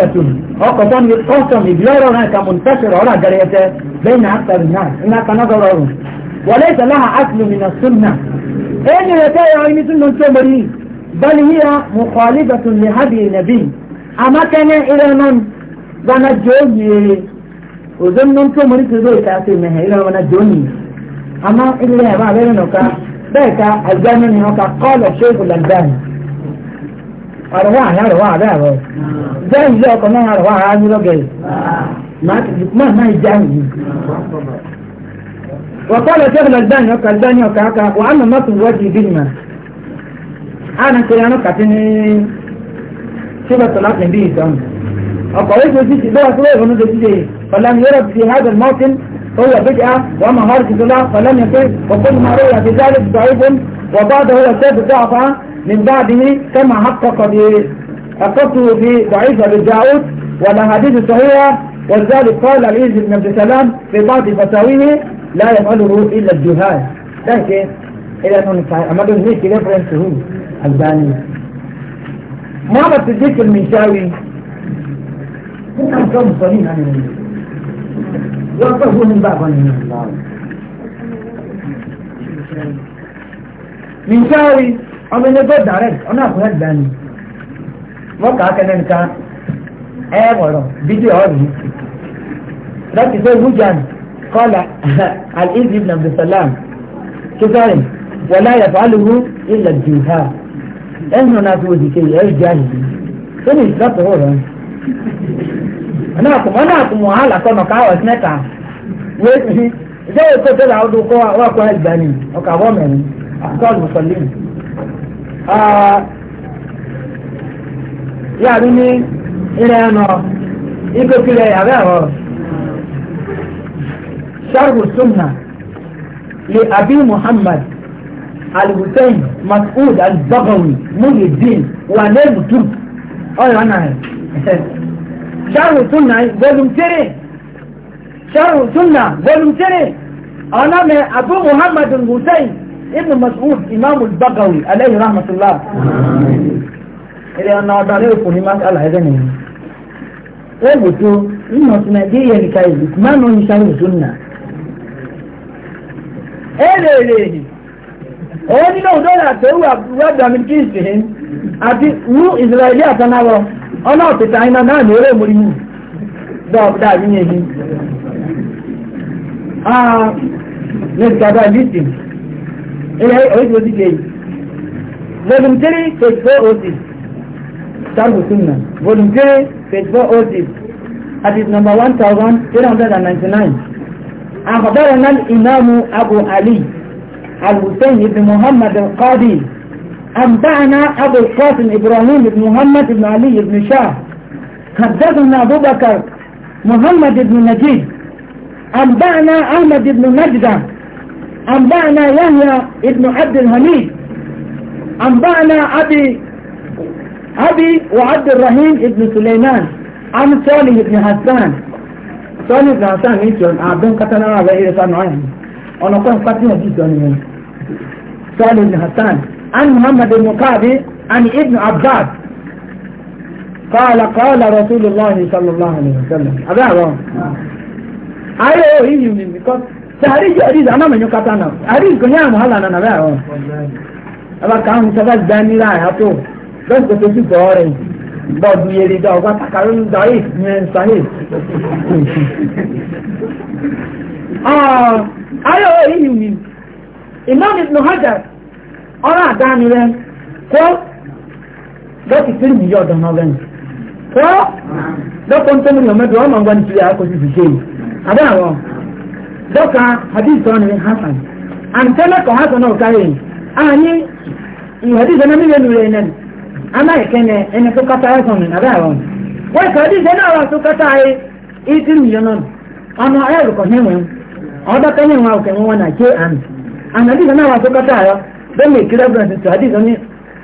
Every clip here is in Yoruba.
عقدة عقدة يتقاسم يجلر هناك منتشر ولا جريته بين أكثر الناس هناك نظر وليس لها أصل من السنة أين يتايا عين سنة تمري بل هي مخالفة لهدي النبي أما كان إلى من ونجوني وزمن تمري تزوي تأثير منها إلى ونجوني أما إلا ما بينك ذلك الزمن هناك قال الشيخ الألباني àrùwá وقال شيخ الألباني وكا الألباني وكا وكا وأما ما وجهي بالماء أنا كده أنا كاتني شبه طلعت به سام أقويت وجيت ده أقوي ونود جدي فلم يرد في هذا الموطن هو بدعة وما هارج فلم يكن وكل ما رأي بذلك ضعيف وبعده هو من بعده كما حقق حققته في ضعيف أبي الجاود والأحاديث صحيحة ولذلك قال العز بن عبد السلام في بعض فتاويه لا يفعله إلا الجهال لكن إلى أنه عمله هيك ريفرنس هو الباني محمد الصديق المنشاوي هم كانوا صليم عن النبي وقفوا من بعض من الله منشاوي ọmọ ẹni go direct ọ̀nà àkúrẹ́ gbà ni wọ́n kà á kẹ́lẹ́ nìkan ẹ wọ̀rọ̀ fídíò ọ̀rọ̀ yìí láti sọ ìwújà kọ́lá al-izz ibn abdulsalam kíkọ́rì wọlá yàtọ̀ alùpùpù ilẹ̀ jùlá ẹ̀ ń rán aṣọ òdìkẹ́ yìí ẹ̀ ń jẹ́ àyè yìí sóni ìsìlọ́pọ̀ ọ̀rọ̀ yìí ọ̀nà àkùnmọ̀ ọ̀nà àkùnmọ̀ àlàkọ́nà sí mẹ́ta wéé ṣé èkó tó ọdún kọ́ àwọn àkọ́ ẹ̀gbani ọ̀kà wọ́mẹ̀rin àkọ́ ọ̀lùmọ̀sọ̀lẹ́yìn yà mí ní ilẹ̀ ẹ̀nà ìgbókìlẹ̀ àbẹ́ àwọ̀ sharhu sunna li abi muhammad al-hussein mas'ud al-bagawi muhyiddin wa ne mutum ọ̀rọ̀ náà sharhu sunna volume three sharhu sunna volume three ọ̀nà muhammad al-hussein ابن مسعود إمام البغوي عليه رحمة الله إلى أن أضع له كلمات على هذا Ebutu nnọ Sinaijiria nika ibi ma nọ nisa izu nna. Ereere onye náà ọdọ yà tó wà wẹ́dàmí kíìsì hin àti wú Ìsirayẹlì àtànáwọ̀ ọ̀nà ọ̀tẹ̀tà na naanị ní eré múrí mú dọ́ọ̀ da yẹn hin. Ah, ní ìtàdá ìdí ايه هي ايه دي جاي فولنتري فيت فور اوديز تعرفوا سنة فولنتري فيت فور اوديز حديث نمبر 1399 أخبرنا الإمام أبو علي الحسين بن محمد القاضي أنبأنا أبو القاسم إبراهيم بن محمد بن علي بن شاه حدثنا أبو بكر محمد بن نجيب أنبأنا أحمد بن نجدة أنبأنا يحيى ابن عبد الهميد أنبأنا أبي أبي وعبد الرحيم ابن سليمان عن صالح ابن حسان صالح ابن حسان ميسيون أعبدون كتنا على إيه صالح نعيم أنا كنت فاتحة جيسون صالح ابن حسان عن محمد المقابي عن ابن عباس قال قال رسول الله صلى الله عليه وسلم أبعه أيوه هي من because sahari ari zama mai nyukata na ari ko nya na na bawo aba ka hun saba dani la ya to don ko to su gore ba du yeri da ba takarun da yi ne sahi ah ayo yi ni imam ibn hajar ora dani ren ko do ti tin yo do ko kon to mi o me do ma ngwan ti ya ko ti ti ke ada won dọka hadith ọ nìyẹn hasan àǹtẹ́lẹ̀ kọ̀ hasan náà káyé ààyè ìhadith ẹ̀nà mílíọ̀nù lórí ẹ̀nà aláìkẹ́nẹ ẹni tó kátà ẹ̀sán ní nàbẹ́ àwọn wọ́n ìkọ̀ hadith ẹ̀nà àwọn tó kátà ẹ̀ eighty million ọ̀nà ẹ̀rù kọ̀ hẹ́wọ̀n ọ̀dọ́ kẹ́yìn wọn òkè wọn náà ké àmì àmì hadith ẹ̀nà àwọn tó kátà ẹ̀ bẹ́ẹ̀ mi kiri ẹ̀gbọ́n tuntun hadith ọ̀nì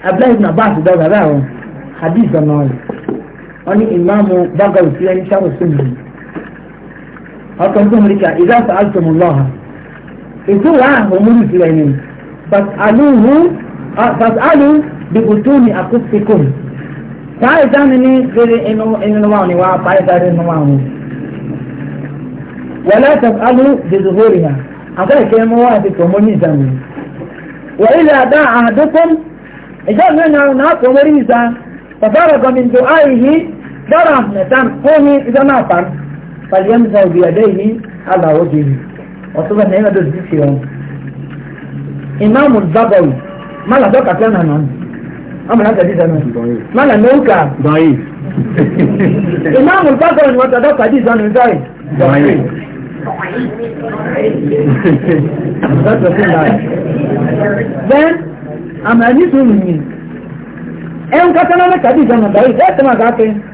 abdullahi ibn abbas dọ́gba bẹ́ẹ̀ àwọn hadith ọ̀nà حتى عندهم ركاء إذا سألتم الله إذو هم مسلمين فاسألوه آه، فاسألوا بقلتوني أقصكم تعالي زمني غير النواني وعطاية غير النواني ولا تسألوا بظهورها هذا كلمة واحدة تمني زمني وإلى دعا عهدكم إذا من هناك مريزة فضرب من دعائه درهنة قومي إذا ما فعلت فليمزع بيديه على وجهه وطبعا هنا ده زيت يوم إمام الضبوي ما لا دوكا كان هنا أما هذا دي زمان ما لا نوكا ضعيف إمام الضبوي وتدوكا دي زمان ضعيف ضعيف then I'm a little mean. And Katanana Kadi Zanadai, that's my guy.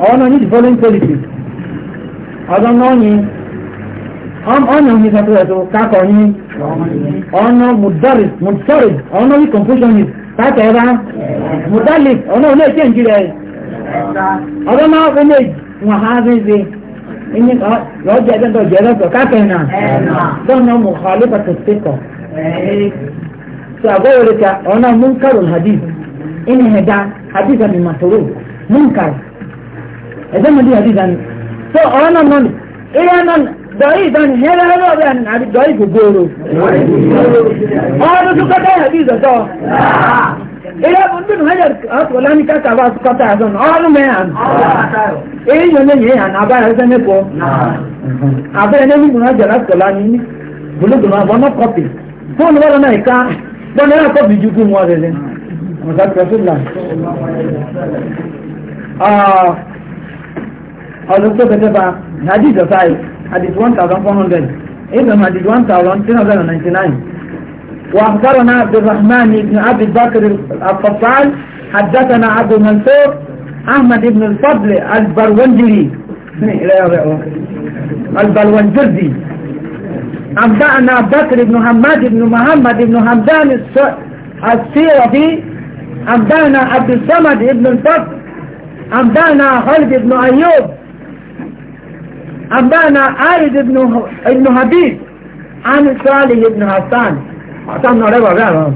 all on his foreign policies ọdọ n'onye ọnyà òhìn sọtọ ẹtọ kakọ ní ọnà mudaris mudaris ọnà wí confucianist kakọ ẹba mudalis ọnà òlé ẹkẹ e njìlẹ ọdọ náà òlé wọn e ha zèzè ẹni lọjọ e ẹgbẹ tó jẹ lọsọ kakọ ẹnà dọnà mọ xalifa tó sẹkọ sọ àgọwẹrẹ ká ọnà munkarul hadith ẹni hẹdá hadith àmì màtòrò munkar. ẹ̀sẹ̀ mọ̀ ní àti ìdáni tó ọ̀rọ̀ náà mọ́ ni ìyá náà dọ̀rí ìdáni yẹn lọ́wọ́ lọ́wọ́ bí i àti dọ̀rí gbogbooro ọdún tó kọ́tà yàtí ìdọ̀tọ̀ ìyá bùndùn hajjá ọ̀tọ̀ láni káka bá kọ́tà àzọ nà ọdún mẹ́hàn èyí yóò lé yẹn hàn abáyọ ẹsẹ̀ mẹ́kọ̀ọ́ abẹ́rẹ́ ní bùndùn hajjá ọ̀tọ̀ láni bùndùn àbọ̀ náà ọdún tó kẹtẹ fa hadith of five hadith one thousand four hundred ibn eh, hadith one thousand three hundred and ninety-nine واخبرنا عبد الرحمن بن ابي بكر القفال حدثنا عبد المنصور احمد بن الفضل البرونجري البرونجردي انبانا بكر بن محمد بن محمد بن حمدان السيرفي انبانا عبد الصمد بن الفضل انبانا خالد بن ايوب أنبأنا خالد بن ابن حبيب عن صالح بن حسان حسان نعرفه بقى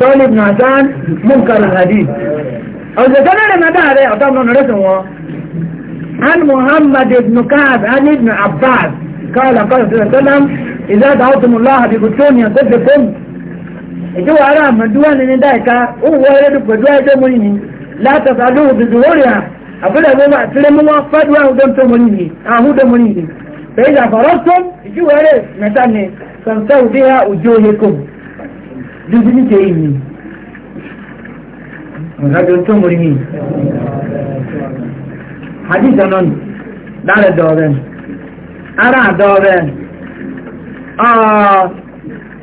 صالح بن حسان منكر الحديث أو إذا كان لنا ده عليه أعطاهم نعرفه عن محمد بن كعب عن ابن عباس قال قال صلى الله عليه وسلم إذا دعوتم الله بقدسون يصدقكم إجوا على مدوان دوان إن دايكا هو يدك ودواء دموني لا تفعلوه بظهورها abúlé ẹgbẹ́ máa tẹ́lẹ̀ mú wọn fẹ́ dúró àwọn tó mọ̀ nìyí àwọn tó mọ̀ nìyí bẹ́ẹ̀ ni àfọ̀rọ̀ tó ìjúwẹ́rẹ́ mẹ́ta ni sọ̀tẹ́ òde ha òjò oye kò dúdú ní kéyì ni ọ̀gájọ tó mọ̀ nìyí. hadith ọ̀nà ni dáre dọ̀ọ̀rẹ́ ara dọ̀ọ̀rẹ́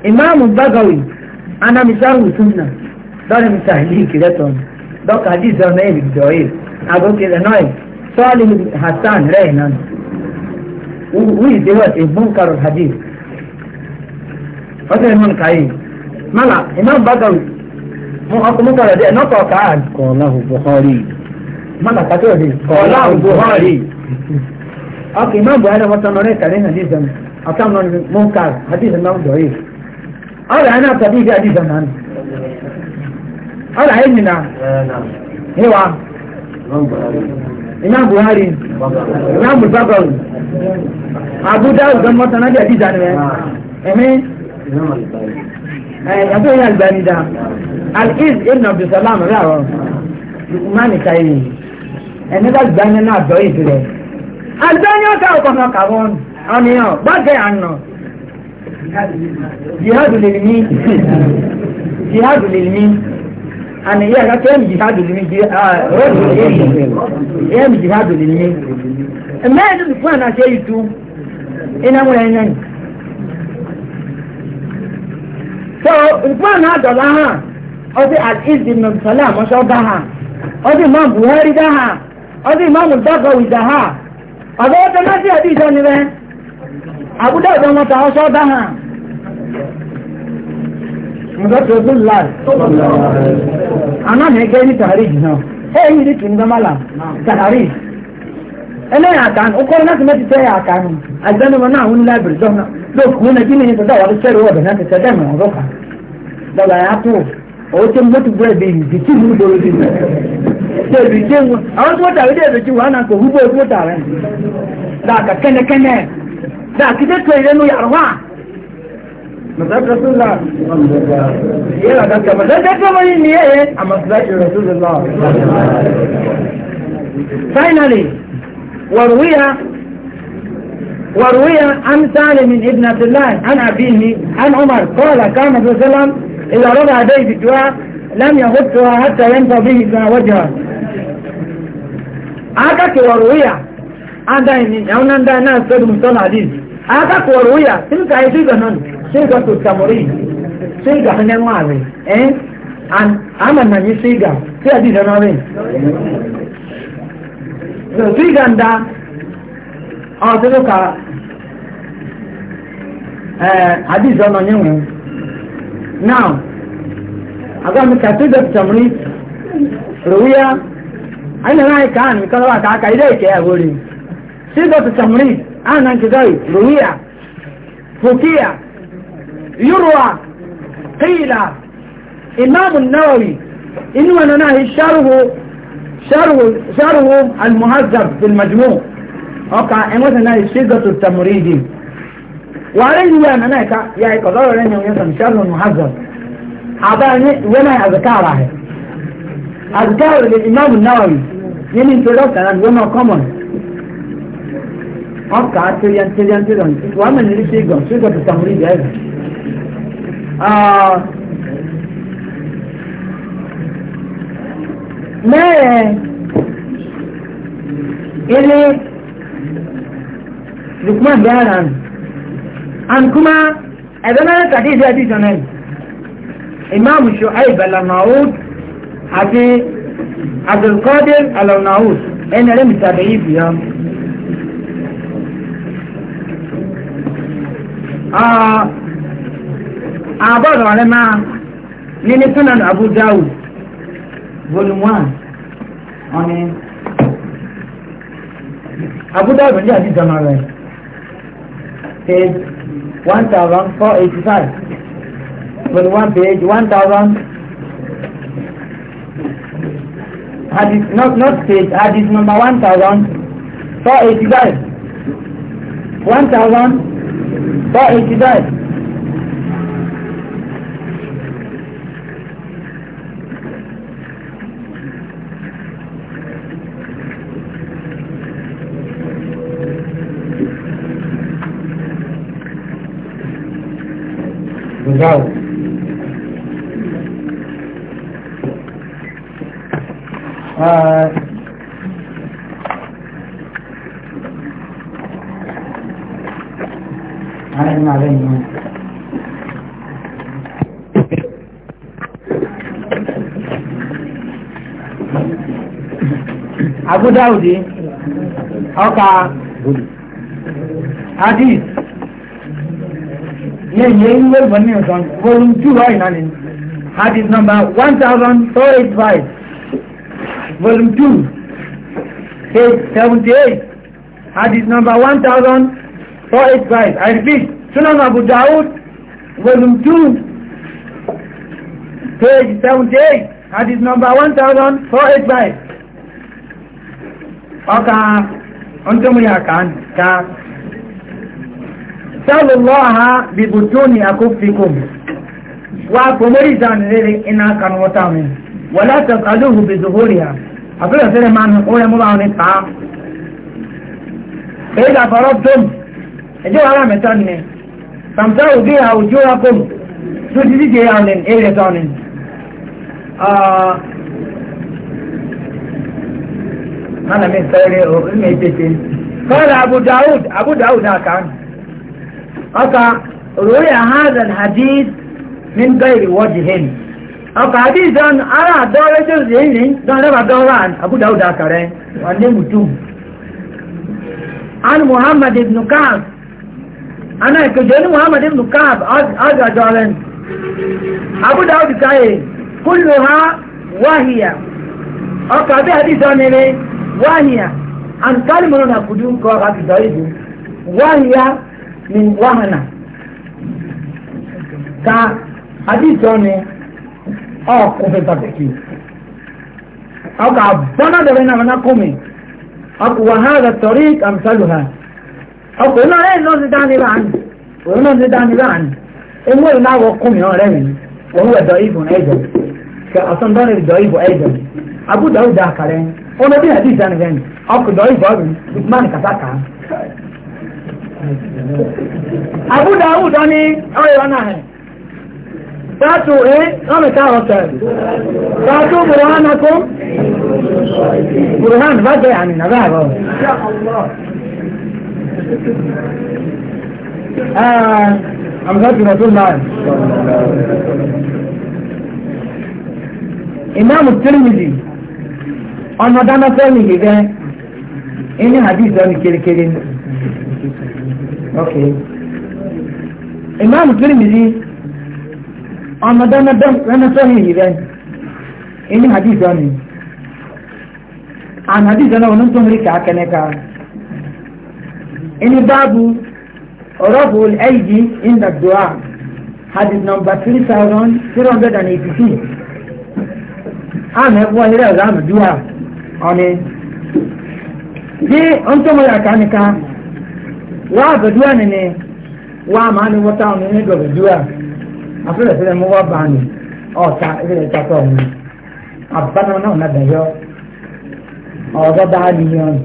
ìmáàmù bagawi anamisaru sunna dọ́rẹ́ mi sàlíì kìrẹ́tọ̀ọ̀nù donc hadith zan ne bi doyil ago ke da noy salim hasan rehnan wi de wat e munkar al hadith hada man kai mala imam bagawi mo ako mo kala de no to ka ko lahu bukhari mala ka to de ko lahu bukhari ak imam buhari wa tanore kare hadith zan atam non munkar hadith zan doyil ala ana tabi hadith zan ọ̀rọ̀ ayé nìyà níwà imam buhari imam bukakọrù abuja ọ̀gbọ́n mọ́tàn náà jẹ́ dídá nìyẹn ẹ̀mí ẹ̀yàtọ̀ yẹn àgbànidà al-iz ibn abdulsalam rẹ̀ àrọ̀ mani kayi ẹni bá gbani náà dọ̀ ìdúrẹ̀ àgbẹ̀yìn ọ̀tá ọ̀kọ̀ọ̀kan kàwọn ọ̀nìyàn gbàgẹ̀ àná jihadu lè ní jihadu lè ana iya ga kayan jihadu ne ji a rodo ne ya mi ah, jihadu ne amma yanzu duk na sai yitu ina mu yan yan so duk na da ha odi al-izz bin salam so ha odi imam buhari da ha odi imam dagawi da ha odi ta na ji hadisi ne be abu da da mata so ba ha Mo dọ́tọ̀ àná mi gẹ́ ní tàrí jù náà ẹ yí ní tùnú dọ́mọ́là tàrí ẹlẹ́yìn àkànú ó kọ́ni láti mẹ́tí tẹ́yà àkànú àgbẹ̀numọ́ náà àwọn onílábìrì dọ́nà lókùnrin náà kí ni ìtọ́jú àwọn sẹ́rù ọ̀dọ̀ náà ti tẹ́tẹ́ mọ̀ ọ̀rọ̀ kan lọ́la yà tó owó tí mo ti bú ẹ̀bí ìdí tí mo gbòòrò sí mi ṣe èbí tí mo àwọn tí mo tàrí dé èbí tí wọn náà kò hú bó tí mo tàrí dáa kà kẹ́nẹ́kẹ́nẹ́ dáa kí مسألة رسول الله يلا ده كما ده ده كما يني ايه اما مسألة رسول الله finally ورويها ورويها عن سالم ابن عبد الله عن أبيه عن عمر قال كان النبي صلى الله عليه وسلم إذا رضى يديه بدعاء لم يغطها حتى ينفى به ما وجهه أكاك ورويها عن دائني أو نان دائنا السيد مصطلح حديث aka kọrọ ụya ka anyị sịga nọ sịga tụtamori sịga ndị nwaanyị ee ama na anyị sịga sị adị dị n'ọrụ sịga nda ọtụtụ ka ee adịzọ nọ nye nwere now agwa m ka sịga tụtamori rụwa anyị na-anaghị ka anyị kọrọ aka aka ide ike ya bụ صيغة التمرين عن انكزاي رويع فكيع يروى قيل إمام النووي إنه أنا شره شره شره المهذب في المجموع أقع إموت أنا صيغة التمريض وعليه أنا أنا كا يا كذا لأنه ينسى شره المهذب عباني وما أذكاره أذكار للإمام النووي يمين introduction and one more common ọkà atẹ́yà ntẹ́yà ntẹ́yà wà á mẹ́rin ní ṣégan ṣégan ti sàmúrí bẹ́ẹ̀ rẹ̀. mẹ́rẹ̀ ilé lukman bẹ́ẹ̀rẹ̀ nù and kuma ẹ̀dọ́ náà kàdé ìdí àti ìjọ náà imaamu shu aibala naud àti abdulkadir alaunaud ẹni ẹlẹ́mìtàbẹ̀yì bìyànjú. àbọ̀dọ̀ ah, ah, rẹ̀ máa nínú sunan abu dawud volume one ọ̀ni abu dawud ní àti ìjọba rẹ̀ page one thousand four eighty five volume one page one thousand hadith not not page hadith number one thousand four eighty five one thousand bá ìjìdáì Legal. Ah, السلام علينا أبو داودي أوكا حديث yẹn yẹn ń wọ́n ní ọ̀sán volume two right now ni hadith number one thousand four eight five volume two page seventy eight Adi's number one thousand four eight five I repeat Sunan Abu Dawud, volume 2, page 78, hadith number 1485. Ọka ọ̀ntọ́mù ya kan ka sọ́lù lọ́ha bí bùtúnì akófikùn wà kòmórì ìdánilẹ́rẹ́ iná kan wọ́ta mi wà látọ̀ kàlùhù bí zuhórí ha àbúrò sílẹ̀ máa nù ó rẹ̀ múra ọ̀rẹ́ ta èyí làbọ̀rọ̀ tó ẹjọ́ ara mẹ́ta nìyẹn فامتعوا بها وجوهكم تجدي عن إلى ثاني أنا من سيري الميتين قال أبو داود أبو داود أكا أكا روي هذا الحديث من غير وجه أكا حديث أن أرى دورة الزين دورة دورة أبو داود أكا وأنه متوب عن محمد بن كعب ana ìkejì ní muhammad ibn kaab agajọrin abu dawud kaye kullu ha wahiya ọkà bí hadith ọ̀nẹ́rẹ́ wahiya and kalimuru na kudu nkọ agajọ ibu wahiya ni wahana ka hadith ọ̀nẹ́ ọkọ fẹta bẹki ọkà bọ́nà dọ̀rẹ́ náà wọn kọ́mi ọkọ wàhálà tọ́rí kàmsálù ha. ọkùnrin na ẹ̀yìn náà ti dání láàánú òun náà ti dání láàánú ewé ìlú náà wọ́n kún mi náà rẹ́yìn òun wẹ̀ dọ̀ ìbùn ẹ̀jọ̀ kẹ ọ̀sán dọ́rin dọ̀ ìbùn ẹ̀jọ̀ da ìdá àkàrẹ́ ọmọ bí àdí ìdáni rẹ́yìn ọkùn dọ̀ ìbùn ọ̀rìn lukman kàtàkà. abúdọ̀ àwùdọ̀ ni ọ̀rẹ́ wọn náà Tatu e, ọmọ ìta ọ̀sẹ̀. Tatu burhanakum. Burhan, bá jẹ́ àmì Ah, I'm not going to do that. Imam Tirmidhi ọ̀nà dáná fẹ́mi yìí bẹ́ẹ̀ ẹni hadith ọ̀nà kérékéré ni. Ok. Imam Tirmidhi ọ̀nà dáná fẹ́mi yìí bẹ́ẹ̀ ẹni hadith ọ̀nà. Àná hadith ọ̀nà wọn tó ń rí kàákẹ́ náà kàá. ini babu rabu al-aidi inda du'a hadith number 3386 ana kuwa hira za mu du'a oni je on to mara kanika wa ga du'a ne ne wa ma ni wata ne ne ga du'a afira sele mo wa ba ni o ta ile ta ko ni abana na na da yo o ga da ni yo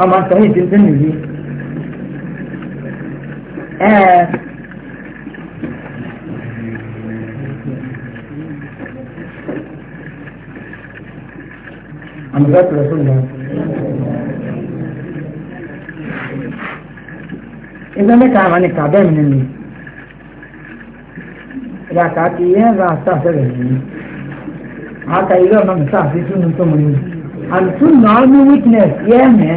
ọmọ sẹ́yìn tí ń tún nìyí. عمدات رسول الله إذا لك عن الكعبة من النيل ركعتين ركعتين haka ilé ọ̀nà mi sáà fi túnú tó mú ní. àtúntò náà ní weakness yẹ́ mẹ́.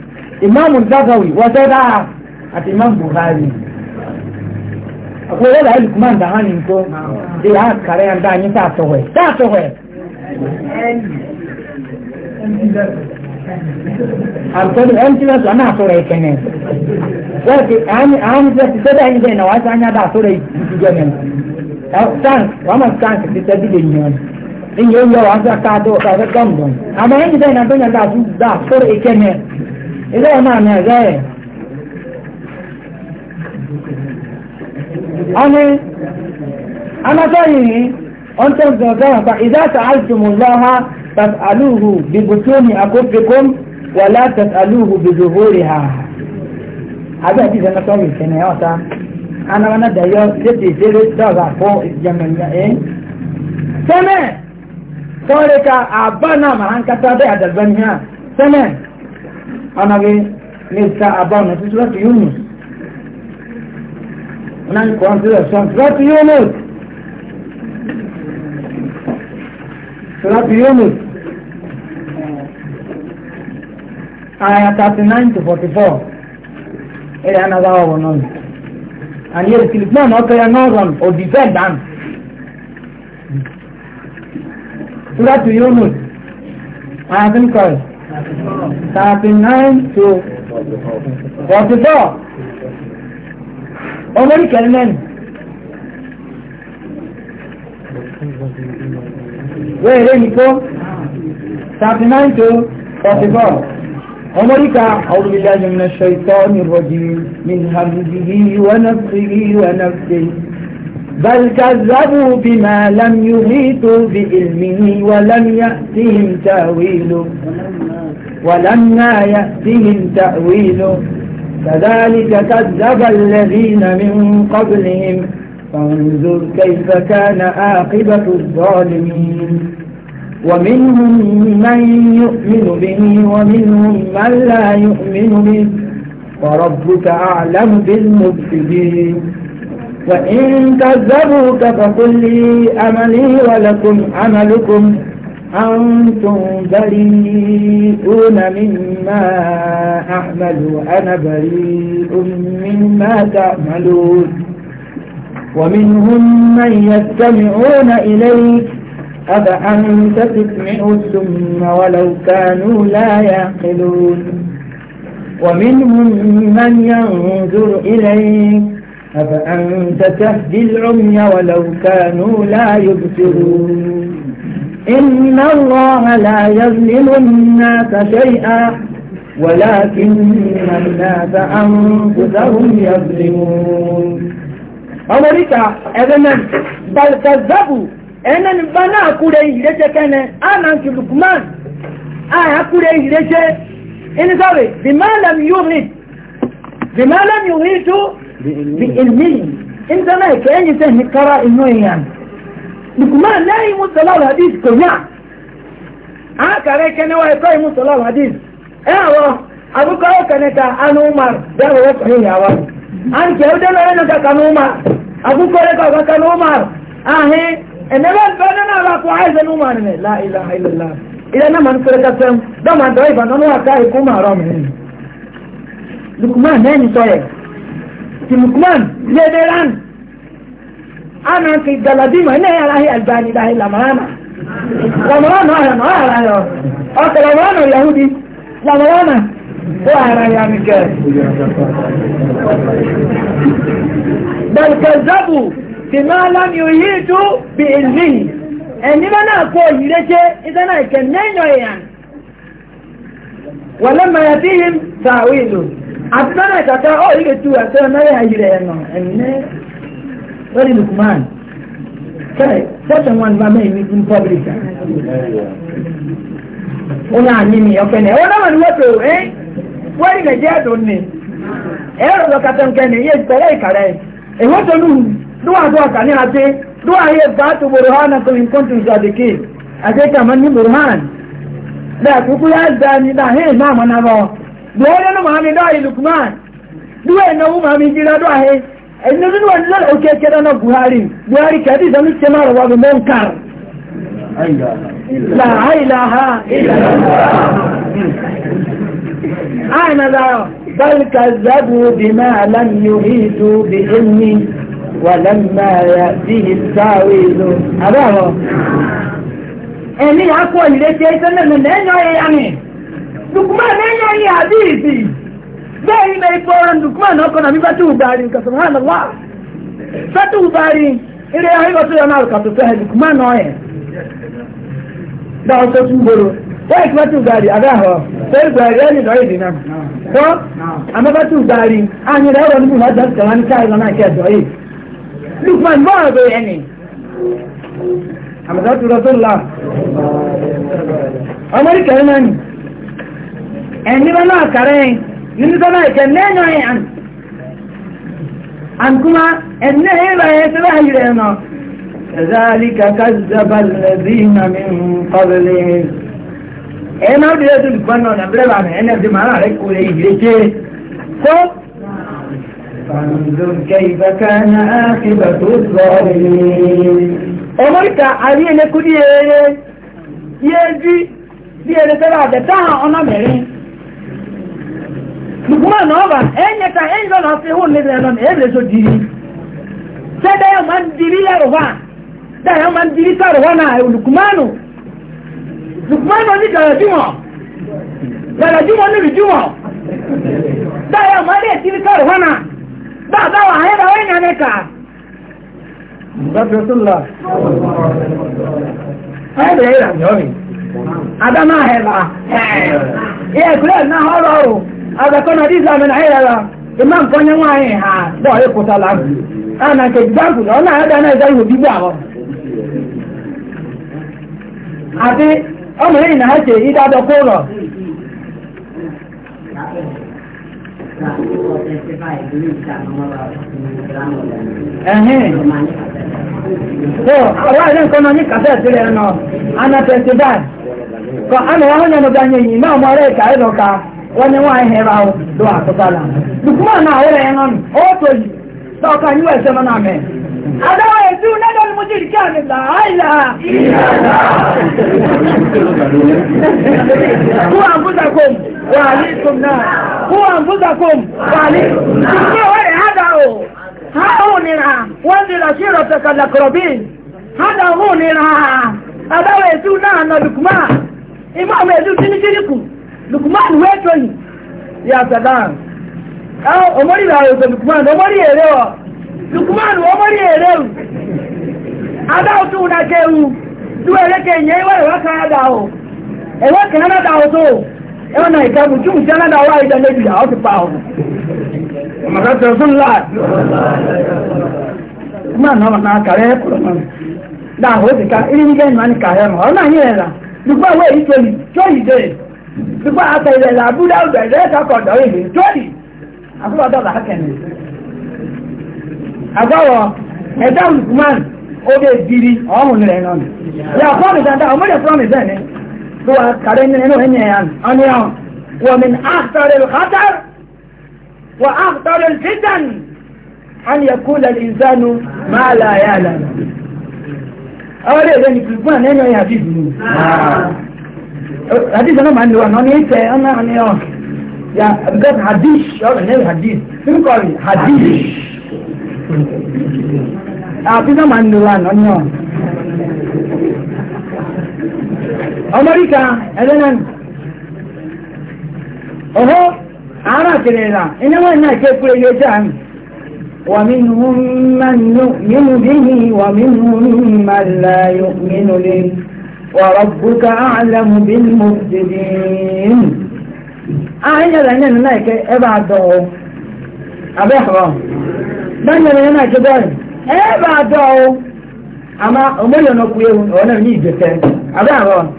imam zagawi wata da àti imam buhari akwai wadda ilu da hannun ko da ya kare yan da ta sohwe ta sohwe alkoli yan ci nasu ana sohwe kene wata ani ani ta sada yin zai na anya da sohwe ti gane tan wama tan in yau yau an za ka kato ka ga na ilé náà ní ẹ̀gá ẹ̀ ọ́nì anátọ́yìí wọ́n tó ń sọ ọ̀gá wọn pa ìdáta àjùmọ̀lọ́ha tàtàlúhù bìbùtúnì àkófikún wà látàtàlúhù bìbùhórì ha abẹ́ àti ìsẹ́nàtọ́yìí ìfẹ́nẹ̀ ọ̀ta anáwọ́nà dayọ́ tètè ìṣeré dọ́ọ̀gà fún ìjẹmọ̀nyà ẹ̀ sẹ́mẹ̀ sọ́ọ̀rẹ́ka àbá náà màá ń kátà bẹ́ẹ̀ àdàgbẹ́ni hàn sẹ́mẹ̀ anabi ní ta abáwọn títí láti yúnù náà ń kọ́ ọ́n sílẹ̀ sọ́n láti yúnù láti yúnù aya thirty nine to forty four ẹ̀rẹ̀ anagáwọ̀ wọ̀ náà and yẹ kìlìpọ̀ náà kẹ́yà northern òdìfẹ́ dàn láti yúnù aya tí ń kọ́ 39 44 عمر كلمان وين نيكو 39 to 44 أعوذ بالله من الشيطان الرجيم من همزه ونفخه ونفسه بل كذبوا بما لم يحيطوا بعلمه ولم يأتهم تأويله ولما يأتهم تأويله كذلك كذب الذين من قبلهم فانظر كيف كان عاقبة الظالمين ومنهم من يؤمن به ومنهم من لا يؤمن به وربك أعلم بالمفسدين فإن كذبوك فقل لي أملي ولكم عملكم أنتم بريئون مما أعمل وأنا بريء مما تعملون ومنهم من يستمعون إليك أفأنت تسمع السم ولو كانوا لا يعقلون ومنهم من ينظر إليك أفأنت تهدي العمي ولو كانوا لا يبصرون إن الله لا يظلم الناس شيئا ولكن الناس أنفسهم يظلمون أمريكا أذن بل كذبوا أنا بنا أقول إهلتة كان أنا أنت لقمان أنا آه، أقول إهلتة إن ذلك بما لم يغيث بما لم يغيث بعلمه انت ما كأن تهني قراء انه يعني لكمان لا يموت صلاة الحديث كنع عاكا ريكا نواهي قاي يموت صلاة الحديث ايوه أبوك أوكا نتا أنا عمر ده وقت هي يا وقت أنا كيف ده لو أنا كان عمر أبوك أوكا كان عمر أهي إنما البنانا لا كويس عمر لا إله إلا الله إذا أنا من فرقة سام ده ما دوي بنا نوكا يكون حرام هنا لكمان هني طيب تمكنان زيدران انا في الدلديم هنا يا الاهي الباني ده الا مرانا لمرانا يا مرانا اوك لمرانا اليهودي لمرانا وارا يا مكاس بل كذبوا بما لم يهيدوا بإلمه اني ما نقول يريكي اذا نايكن نينو يعني ولما يتيهم تعويلوا àti náà ọ̀ yìí kẹtù àti ọ̀nà yà ayé rẹ̀ nọ ẹ̀nẹ́ lórí lukman kẹ́ẹ̀ sẹ́sẹ̀ wọn bá mẹ́rin ní fún public ó náà ní mi ọ̀kẹ́ náà ó náà ní wọ́tò ẹ́ wọ́n ní nàìjíríà tó ní ẹ̀rọ lọ kàtà nkẹ́ ní ìpẹ́rẹ́ ìkàrẹ́ èwo tó lù lúwà tó àti yẹ duwane no mami da ai lukman duwe na u mami jira do ahe ina zun wa zal o ke kera na buhari buhari ka di zanu ce mara wa mon kar la ilaha illa allah ana da بل كذبوا بما لم يهيدوا بإلمي ولما يأتيه التاويل أباه ẹni àkọ ìrẹsẹ̀ ìtẹ́lẹ̀mẹ̀lẹ́ ẹ̀yọ́ ẹ̀yà ni Lukman ẹ̀yẹ ní àdìsí. Bẹ́ẹ̀ ni ilẹ̀ ipò ọ̀rọ̀ Lukman náà kọ́nà mi fẹ́tù bàárì nǹkan sọ̀rọ̀ hàn lọ́wọ́. Fẹ́tù bàárì ilé ayélujára tó yọ náà kàtó fẹ́ Lukman náà yẹn. Dáwọ́ tó tún gbòòrò. Wọ́n ìkú fẹ́tù bàárì àbẹ́họ̀. Fẹ́tù bàárì ẹni lọ́yẹ̀ dì náà. Tọ́ àmọ́ fẹ́tù bàárì àyìn rẹ̀ wọ́n nígbà jẹ́ kẹwàá ní káyọ̀ náà kẹ́ ẹ̀dọ́ yìí. Lukman bọ́ọ̀ bẹ̀ ẹni. Àmọ̀dá tó rọ tó ń ẹni bá náà kàrẹ́ nínú tó náà jẹ lẹ́yìn ọ̀yẹ́ àn àǹkúmá ẹni ẹ̀yẹ́ bá yẹ tó bá yìí rẹ̀ nà ẹ̀záàlíkà kájújábà lẹ́bí ìmàmí kọ́bẹ̀lẹ́ ẹ̀yẹ́ náà bí ẹ̀dùn kọ́ náà nàbẹ́rẹ́ bá mi ẹni ẹ̀dùn màá rẹ̀ kó lè yìí ké kó. فانظر كيف كان عاقبة الظالمين أمريكا علينا كل يجي يجي يجي ترى ده تاع أنا مريم lukuma na ọba ẹnyẹ ta ẹnyẹ lọ fi hù nílẹ̀ lọ ní ẹ̀rẹ́ so dìrí ṣé dáyà máa ń dìrí yàrùwá dáyà máa ń dìrí sàrùwá náà lukuma nù lukuma nù ní gàràjúmọ̀ gàràjúmọ̀ ní rìjúmọ̀ dáyà máa ń dìrí sàrùwá náà bàbá wà ẹ̀rọ ẹ̀yà nẹ́ka. Bàbá ẹ̀rọ ẹ̀yà nìyọ́ mi. Adá náà ẹ̀rọ. Ìyẹ̀kúrẹ́ náà ọ̀rọ̀ ọ̀rọ̀. agakọ́nà na islam ẹ̀nà ayẹ́rẹ́ra ìmá nǹkan yẹn wọ́n àyìn ha bọọ ayé a láàmù àná kẹ example náà ọ̀nà a náà ìdáyìí òbí gbà wọn. àti ọmọ yìí náà ṣe ìdájọ́ kó lọ. ụlọ. nọ onye nwaanyị hịrị ahụ do akụtala dukuma na ahụrụ ya na mee adawa esi une dọrọ mụ jiri kaa nịta aịla kuwa mbuzakom walikum na kuwa mbuzakom walikum nke wee hada o ha hụ nira na shi rọtaka na krobin hada hụ nira dukuma lukman wee tọyi ya sadan ọ ah, omori ra ayọsọ lukman omori ere lukman omori ere o ada otu na kewu du ereke nye iwe ewe ka ada o ewe ka ana da oto e na ikabu chum si wa ida nebi ya ọtụ pa ọhụ maka tẹsán láà lukman náà na akara ẹ kúrò náà dáa ó ti ka irin gẹ́gẹ́ ní wọn ni kàrẹ́ mọ́ ọ náà yẹ ẹ̀ la lukman wẹ̀ yìí tó yìí tó Nípa àtẹ̀lẹ̀ làbúdá òbẹ̀rẹ̀ kọkọ̀dọ̀ ìlú tóòlì. Àkúrọ̀dọ̀ làákẹ̀lẹ̀. Àgbọ̀wọ̀ ẹ̀dá Lukman oge diri ọ̀hún rẹ̀ nọ. Yà promise and that ọmọdé promise ẹ̀ ni. Ló wà kàrẹ́ nínú ẹ̀nú ẹ̀yẹ yàn ọ́ní ọ̀hún. Wọ́n mi àtọ̀rẹ̀ kọ́tàr. Wọ́n àtọ̀rẹ̀ fìtàn. An yẹ kú lẹ́lẹ̀ ìzánu máa حديث أنا معني وانا أنا يسأل أنا يعني يا يا بجد حديث يا نبي نعم، حديث شنو قال حديث اعطينا معني وانا أنا أمريكا أنا أهو عرفت انا إنما انا كيف كل يجعل ومنهم من يؤمن به ومنهم من لا يؤمن به وربك أعلم بالمفسدين أعينا لأننا نايك إبعده أبيحرا بأننا لأننا كبير إبعده أما أمي نقويه وأنا نيجي أبيحرا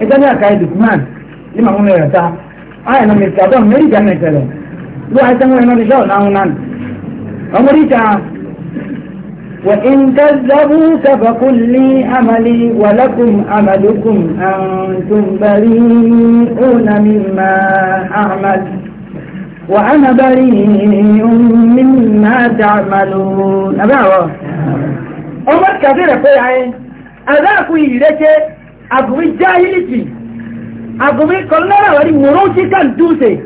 إذا أنا كايد كمان لما هنا يرتاح أنا من الكابون مريجا مثلا لو حتى هنا نشاء نعم نعم أمريكا وإن كذبوك فقل لي عملي ولكم عملكم أنتم بريئون مما أعمل وأنا بريء مما تعملون أبعوة أمر كثيرة في عين أذاكو إليك أقوي جاهلتي أقوي كلنا ولي مروشي كان دوسي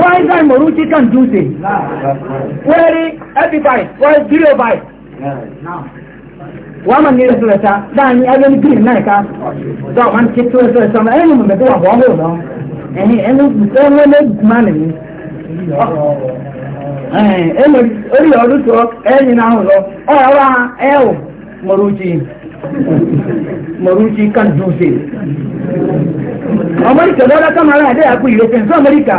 Why is that Maruti can do things? Where everybody, where is zero by? Wàmà ní ìrẹsì rẹ̀ta dáàni ẹgbẹ́ni green náà ká tó àwọn ti tó ẹsẹ̀ ẹ̀sọ́ náà ẹni mọ̀mọ́ tó wà bọ́ ọ́hún náà ẹni ẹni ẹni ẹni máa nìyí. Ẹni orí ọdún tó ẹni náà hùn lọ ọ̀rọ̀ wa ẹ̀ ò mọ̀rújì mọ̀rújì kan dùn sí. Ọmọdé kẹ̀lọ́dá kọ́mọ ara ẹ̀dẹ́ àpò ìrẹsì ẹ̀sọ́ Amẹ́ríkà.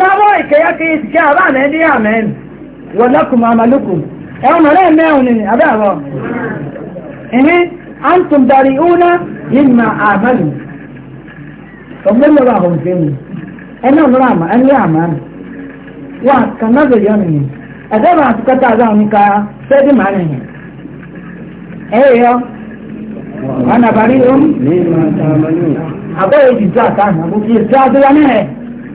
lábọ́ ìkẹyà kí ìsìkẹ́ àbá mẹ́ ní àmẹ́n wọ̀lọ́kùn àmàlùkùn ẹ̀wọ̀n mọ̀lẹ́ mẹ́rin ni àbẹ́ àbọ̀ ìní à ń tún darí úná yìí ma àmàlù ọgbẹ́ lọ́wọ́ àwọn òṣèlú mi ẹni ọ̀nà àmà ẹni àmà wà kànáàbẹ̀ yọ nìyẹn ẹ̀dẹ́ bá àtúkọ́tà àgbà mi ká sẹ́dí màá nìyẹn ẹ̀yọ́ wọn àbárí ó àbẹ́ èjì tó àtàwọn àbúkí ètò àdúrà náà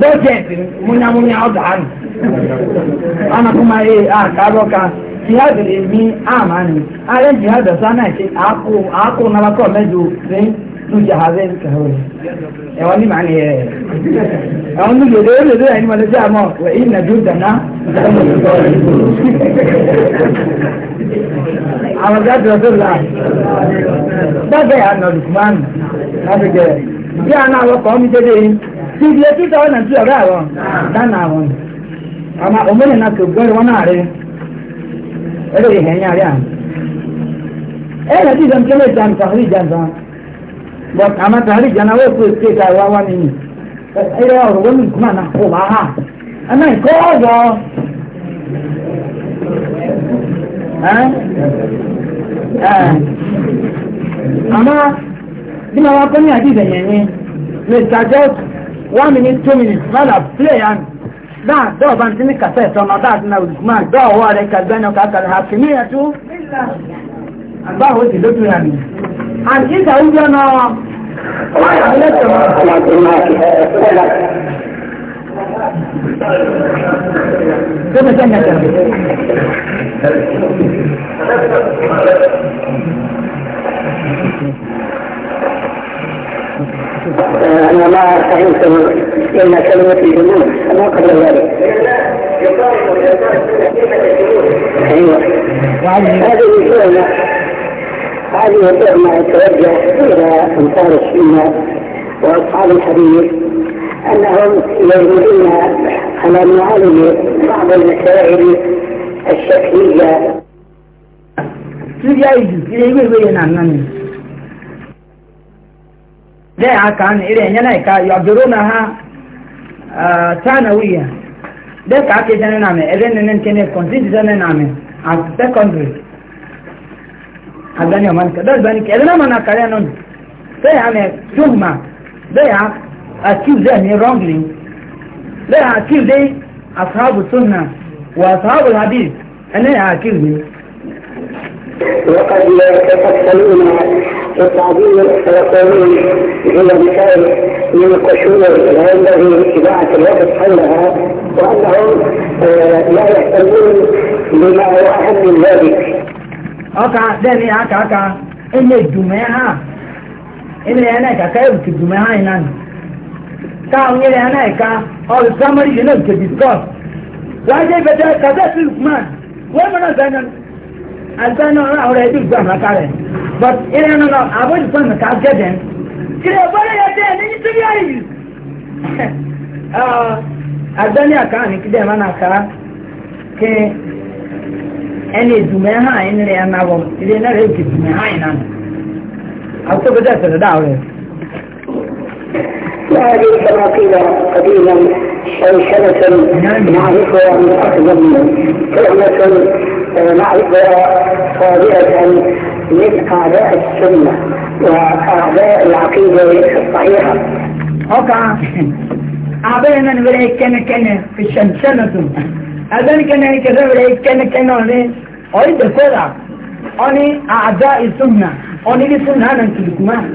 bọ́jẹ̀tì múnyámúnyá ọ̀dà àrùn anakuma ee a ah, kárọ̀ ka jihad lè ní àmà ni ayé jihad ọ̀sán náà ṣe àákó àákó nàbàkọ̀ mẹ́jọ ṣe ń lu jahaze kàwé ẹ̀wọ̀n ní màá ni ẹ̀ ẹ̀wọ̀n ní lòdì ó lòdì ẹ̀yìn mọ̀lẹ́sí àmọ́ wẹ̀ yìí nàjú dáná àwọn gàdúrà tó là bàbá yà nà lùkùmánù láti gẹ̀rẹ̀. bí a náà lọ́kọ̀ọ́ mi dédé yìí tí ibi etí sọ ọ̀nà tí ọ̀gá àwọn dáná àwọn àmà òmìnir náà kò gbọ́dọ̀ wọn náà rẹ ẹ̀rọ ìhẹ̀ ẹ̀yìn àrẹ àná ẹ̀rọ tí ìjọba kẹlẹ̀ ìjà nǹkan àrí ìjà nǹkan but àmà tàrí ìjà náà wọ́n kó èké ká wá wá nìyí ẹ̀rọ ọ̀rọ̀ wọn ní ìkúmà náà kò wá hà ẹ̀nà bí ma wá kọ́ni yẹn ni mr just one minute two minutes rather play am dáa dọ́ọ̀ bá ń tí ní kàfẹ́ sọ̀nà dáa ti na olùkùnmá dọ́ọ̀ wọ́ rẹ̀ kàgbẹ́ni ọkà kàlẹ́ hàkìmí ẹ̀ tú àgbáwò ti lójú rà mí àti ìtàwùjọ náà wọ́n yà lẹ́tọ̀ Thank you. أنا ما فهمته إلا كلمة الجنون ما قبل ذلك أيوة هذه الكلمة هذه الكلمة توجه إلى أنصار السنة وأصحاب الحديث أنهم يجدون على معالجة بعض المشاعر الشكلية. لا dai aka ne irin yana ka yabiro na ha tanawiya dai ka ake zane na mai irin nan ke ne kwanci zane na mai a secondary a gani wa manika dai bani ke irin mana kare nan sai ha mai ah, tuhma dai ha accuse ah, them in wrongly dai ha accuse ah, dai ashabu sunna wa ashabu hadith ne ha accuse ne وقد يتفصل الناس والتعظيم الحلقانين هي مثال من القشور لا ينبغي اتباع الوقت حولها وانهم آه، لا يهتمون بما هو اهم من ذلك. أقع ثاني أقع أقع إن الجماعة إن أنا كتاب الجماعة هنا كان إن أنا كا أو السمري هنا كديسكوس وهذا بدأ كذا في لقمان وين من زينب àgbẹ̀ náà rán àwọn ẹbí gbà màkà rẹ̀ but ìrìn àná náà àbójú pọ̀ màkà gẹ̀dẹ̀ kìlẹ̀ bọ́lá yẹ dẹ́ ní nítorí àyè àgbẹ̀ ní àká ní kídẹ̀ má nàká kí ẹni ìdùnmẹ́ hàn yín rẹ̀ ẹ̀ náà wọ̀ ilé náà rẹ̀ kì ìdùnmẹ́ hàn yín náà àwọn tó bẹ dẹ́ sẹ̀dẹ̀ dáa rẹ̀. وهذه التماثيل قديما شيشنة نعرفها من أقدم تهمة نعرفها آه، صادرة من أعداء السنة وأعداء العقيدة الصحيحة اوكا أعبئنا نبريك كان كان في الشمسنة أذن كان كذا بريك كان كان أريد أقول أني أعداء السنة أني لسنة أنا تلكمان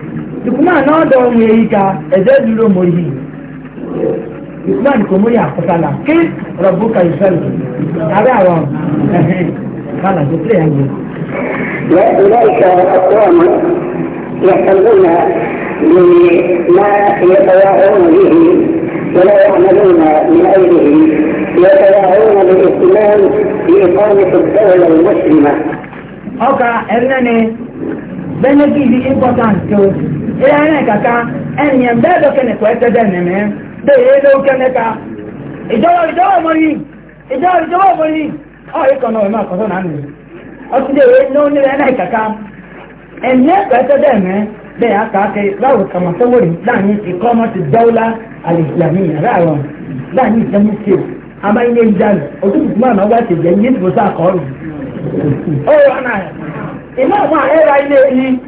lukman náà dọ̀ ohun èyí ka ẹ̀jẹ̀ dúró mọ́ yìí lukman kò mú yà kọ́sálà kí rọ̀bù ka ìfẹ́lẹ̀ abẹ́ àwọn kálá tó tẹ̀lé ẹ̀yìn. يحبون بما يتواعون به ولا يعملون من أجله يتواعون بالاهتمام لإقامة الدولة المسلمة. أوكا إرناني بنجي بإمبورتانس ya ne kaka enye mbe do kene ko etede ne me de ye do kene ka ijowo ijowo mori ijowo ijowo mori o e kono ma ko so na ni o ti de ye no ni ya ne kaka enye ko etede me de ya ka ke bawo kama so wori da ni ti komo ti dawla al islamiyya rawo da ni ti mu ti ama ile idan o tu ma na wa ti je ni ti mo sa ko ru o ana ina ma era ile yi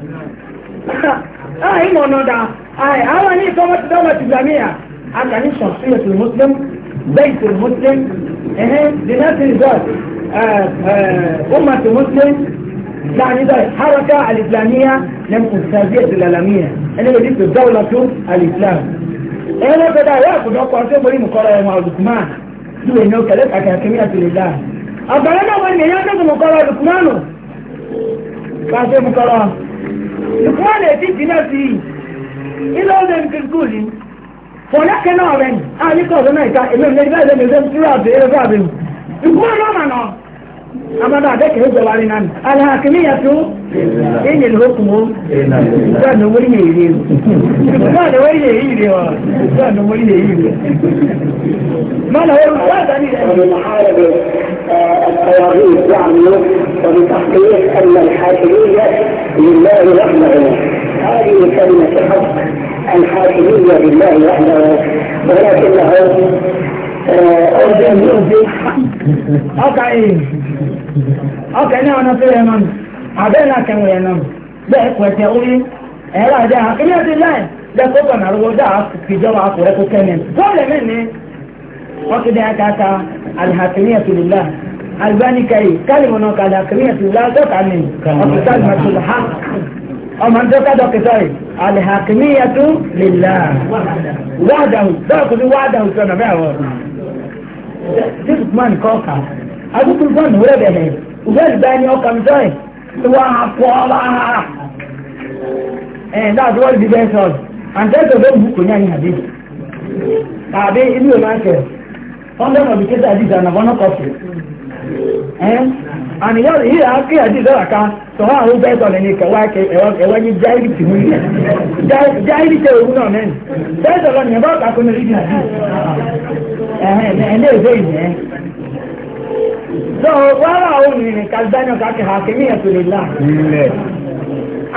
اه هنا ونضع اه اولا ايه كومة دولة إسلامية عشان شخصية المسلم بيت المسلم اهي لناس ذات أمة المسلم يعني ده الحركة الإسلامية للأستاذية الإعلامية اللي بديت الدولة الإسلام أنا بدأ يأخذ أقوى شيء بري مقارنة مع الدكمان دول إنه كذلك أكاكمية لله أبدا أنا أقول من يأخذ مقارنة دكمانه كاسي مقارنة wọ́n lè ti jìnnà sí i ilé ọ̀dọ̀ ní kíkúù ni fọ̀ọ́lẹ́kẹ́ náà rẹ̀ ní àníkọ̀ọ́dọ̀ náà ìta èmi ò lè gbẹ́ ẹ̀dẹ́ mi lé ní túrọ̀ àbẹ̀ ẹ̀rọ àbẹ̀ mi ìkúrò náà mà náà. أما بعدك هجة وعلينا الهاكمية إن الهكم كان ولي يريد كان ولي يريد كان ولي يريد ما له رسالة ومحاربة آه، التواريخ يعملوا يعني وبتحقيق أن الحاكمية لله وحده هذه كلمة حق الحاكمية لله وحده ولكنه Eh, ọjọ́ ìlú òde ọkà yìí ọkà ní àwọn ọ̀nà ẹ̀nà àbẹ́ẹ̀lá kẹwọ̀n ẹ̀nà bẹ́ẹ̀ pẹ̀tẹ̀ orí ẹ̀rọ àjẹ́ àkíní ẹ̀dí láì lẹ́kọ̀ọ́ kan àrùwọ̀ dá ìjọba àkùrẹ́ kó kẹ́ni bọ́ọ̀lù mi ni wọ́n ti dẹ́ akáta alihakimi ẹ̀tùlùlá alibánikayi kálíwọ̀n náà kàlẹ́ akimi ẹ̀tùlùlá dọ́kà mi ọ̀kùtà ìmọ̀tùlùhá ọmọ dọ́kà dọ́kítọ́ yìí alihakimi ẹ̀tùlùlá wàdàhùn dọ́kùtù wàdàhùn sọ̀nà bẹ́ẹ̀ wọ̀ tí usman kọ́ ọ̀kà àdúgbò usman wúrẹ́ bẹ̀rẹ̀ usman bẹ́ẹ̀ ni ọkà mi sọ́yìn tí wọ́n á pọ̀ ọ́lá ẹ̀ that's what the best was and that's the way book onye anyị adị tàbí inú ìlànà kẹ ọ̀ndọ̀nà bí kẹta àdìsá nà bọ́nà kọfì. àníyàn yìí àáké àdìsọ́ra kan sọ̀rọ̀ àwọn bẹ́ẹ̀ sọ̀rọ̀ ní kẹwà ẹ̀wọ́ ní jáìrì tì mú yẹn jáìrì tẹ òun náà mẹ́rin bẹ́ẹ̀ sọ̀rọ̀ ní ẹ̀bá ọ̀tà kọ́nà rí ní àdìs ẹ̀ẹ́dẹ́ ìwé ìyẹn. sọ wàhálà àwọn ènìyàn kàzánìọ̀ kàkẹ́ hàkẹ́mí ẹ̀tọ́ lè là.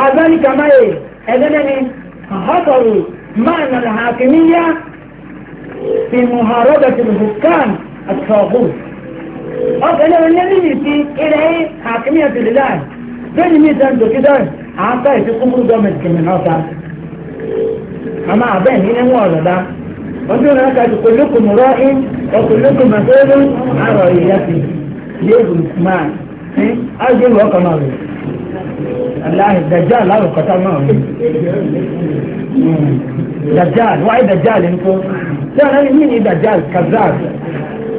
àgbáni kàmáyé ẹ̀dẹ́nẹ́ni àhọ́tọ̀rù máa nà hàkẹ́mí yá fi mùhàrọ́dọ̀ tìlù ọ̀gẹ́lẹ́ onílẹ̀mí ti ilẹ̀ àkíní ẹ̀sìn lílá lẹ́yìn mi ìtàn dòkítà àáfà ìfikúnmú gọ́ọ̀mẹ̀ntì kìnnìkan ọ̀tá àmọ́ àbẹ́ẹ̀ ní ẹ̀wọ̀n ọ̀rọ̀dá ọdún náà kàtó kòlókùn rọ́ọ̀ín ọkùnlókùn màtẹ́rù àrọ̀ ìyàtì yéèrù máa ní ájúlù ọkọ̀ náà rẹ̀ aláì dàjà lárúkọ̀tà náà rẹ̀ hmm. dàjà wáyé dàjà lẹ́nu kó tí a náà ní ní dàjà kazak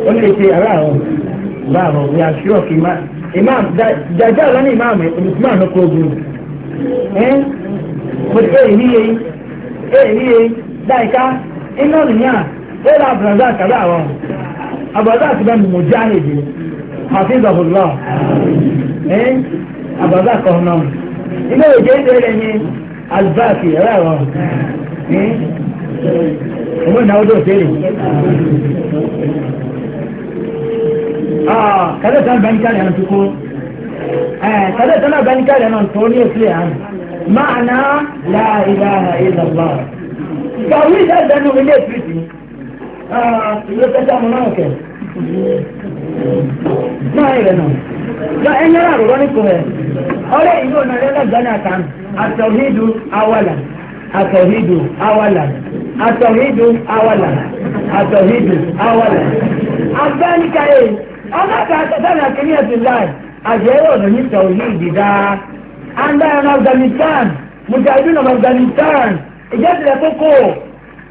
ó lè ṣe ara ọ̀hún. Báwo we are sure kì í máa imam jàjà lọ́nà imam olùsùnmọ̀ àná kó ogun ẹ̀ mo ti èyí yé èyí yé dáìka iná nìyà ó lọ abúlé àkàrà àwọn abúlé àti bẹ́ẹ̀ mo já èdè àti ìdọ̀bùlọ́ ẹ̀ abúlé àkọ́hún náà iná òjò èdè rẹ̀ ní alibáàkì ẹ̀rọ àwọn ẹ̀ ọmọ ìnáwó dòtẹ́lì kada ta bani kare nan tuko eh kada ta bani kare nan to ne sai an ma'ana la ilaha illa allah tawhid da no ne fiti ah yo ta ta mona ke ma ire no da en yara ro ni ko he ore iyo na re la gana kan at-tawhidu awalan at-tawhidu awalan at ọlọ́ta àtẹ̀sánà kìíní ẹ̀sìn láì àjẹrò ọ̀nà ní sọ̀rọ̀ yìí dìda andaran afghanistan mujahideen of afghanistan ìjẹ́sìlẹ̀ kókó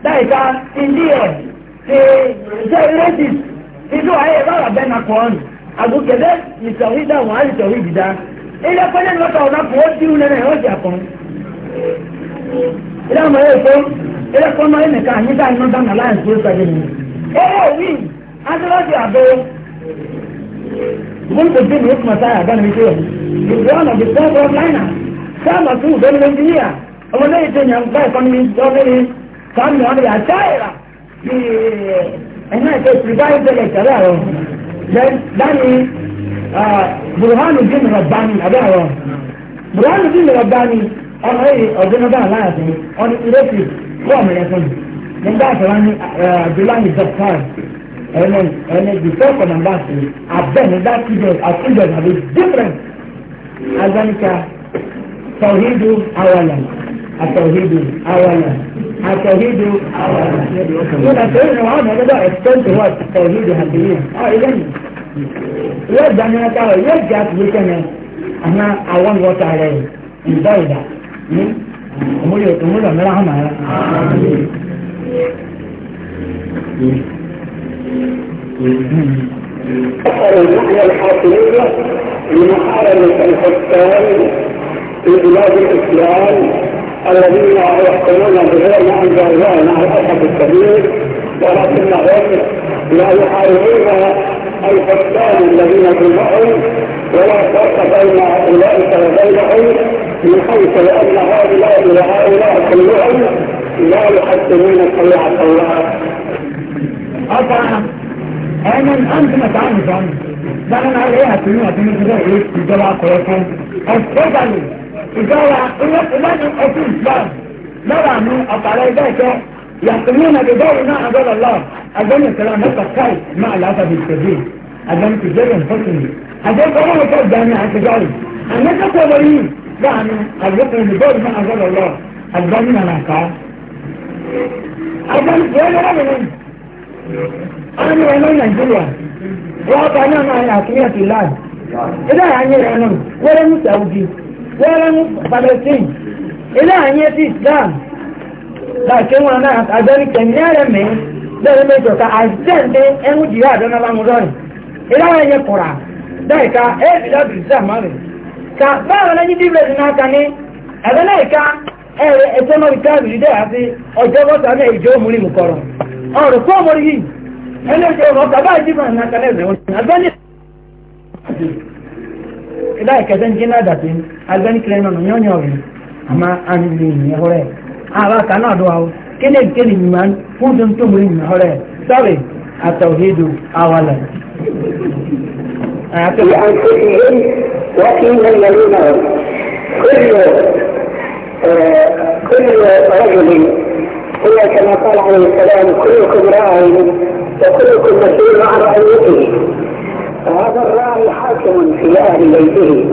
láìka india ti ṣe ìrètí inú ayé rárá bẹ́ẹ̀ na kọ́ ọ́nù àgùkẹ́dẹ́ ìsọ̀rí dáhùn á ìsọ̀rí dìda ilé pẹ́lẹ́ ní lọ́tọ̀ ọ̀nà kò ó dírú nẹ́nẹ́ ẹ̀rọ ìjà kan ilé ọmọ yẹn kó ilé pọ́nmọ́ yẹn nìkan àyíká iná dáná láì sí ó sọ mun ko jin hukuma ta ya ban mi ko yo na bi ta ko laina ta ma su don ne dunia amma ne tin yan ba kon mi do ne ta mi on ya taira eh na to private de cararo dan dani ah burhanu jin rabbani adaro burhanu jin rabbani ọmọ yìí ọdún náà bá láàbù ọ ní ìrẹsì fún ọmọ yẹn fún mi nígbà tó wá ní abdullahi zafar ẹni ẹni before kọ̀nà bá ṣe abẹ́ni that children our children are very different azanika tọ̀hídù awalan atọ̀hídù awalan atọ̀hídù awalan so na sọ yìí wọn àwọn ọmọdé extend to what tọ̀hídù àbíyí ọ ilé mi yóò gba ní ẹka rẹ yóò gba àtúwé kẹ́yẹ àmà water, wọ́tà rẹ ìdá ìdá ọmọdé ọmọdé ọmọdé ọmọdé ọmọdé. أثر الناحية الحاكمية لمحاربة الحكام في بلاد الإسلام الذين يحكمون بغير ما أنزل الله مع الأسف الكبير ولكنهم لا يحاربون الحكام الذين دونهم ولا فرق بين أولئك وبينهم من حيث لأن هؤلاء وهؤلاء كلهم لا يحكمون طبيعة الله طبعا انا انت ما تعرفش انا ده انا قال ايه هتسميه هتسميه كده ايه الجامعه كويسه اتفضل الجامعه قلت لازم اكون شاب لا بعمل اقطع علي ذاك يحكمون بدور ما أجل الله أجل الكلام هذا الخير مع الأسف الكبير أجل تجري انفسني أجل قرار كيف انا تجاري أنا تقولين يعني أجل بدور ما أجل الله أجل من أنا كار أجل وين رجل àwọn ènìyàn nàìjíríà wọ́n bá náà máa yà kí ẹ̀kì láì ilé àyè rẹ̀ nù wẹ́rẹ́ ní saudi wẹ́rẹ́ ní palestine ilé àyè ti islam láìké wọn náà àjọni kẹ̀mí ẹ̀rẹ̀ mi lẹ́yìn méjì ọ̀ka àjẹ́ǹde ẹ̀hún ilé àyè ka báwọn bíbélì náà ní náà ká àti ọjọ́ bọ́sà náà ìjọ ọ̀rọ̀ fún ọmọ yìí ẹni ọjọ́ ọ̀rọ̀ bàbá ìdìbò àná kalẹ̀ rẹ̀ wọ́n agbẹ́ni ìdá ìkẹsẹ̀ ní kíná dàbí agbẹ́ni kílẹ̀ náà yọ̀ ní ọ̀rẹ́ àmà àmì ìyẹn ọ̀rẹ́ àbá kaná ọ̀dọ́ àwọn kíni kíni ìmọ̀ fún tó ń tó mú ìyẹn ọ̀rẹ́ sọ́ọ̀rì àtọ̀hídù àwàlẹ̀. وفي من يلونه كل كل رجل هي كما قال عليه السلام كلكم راع وكلكم مسؤول عن رعيته فهذا الراعي حاكم في اهل بيته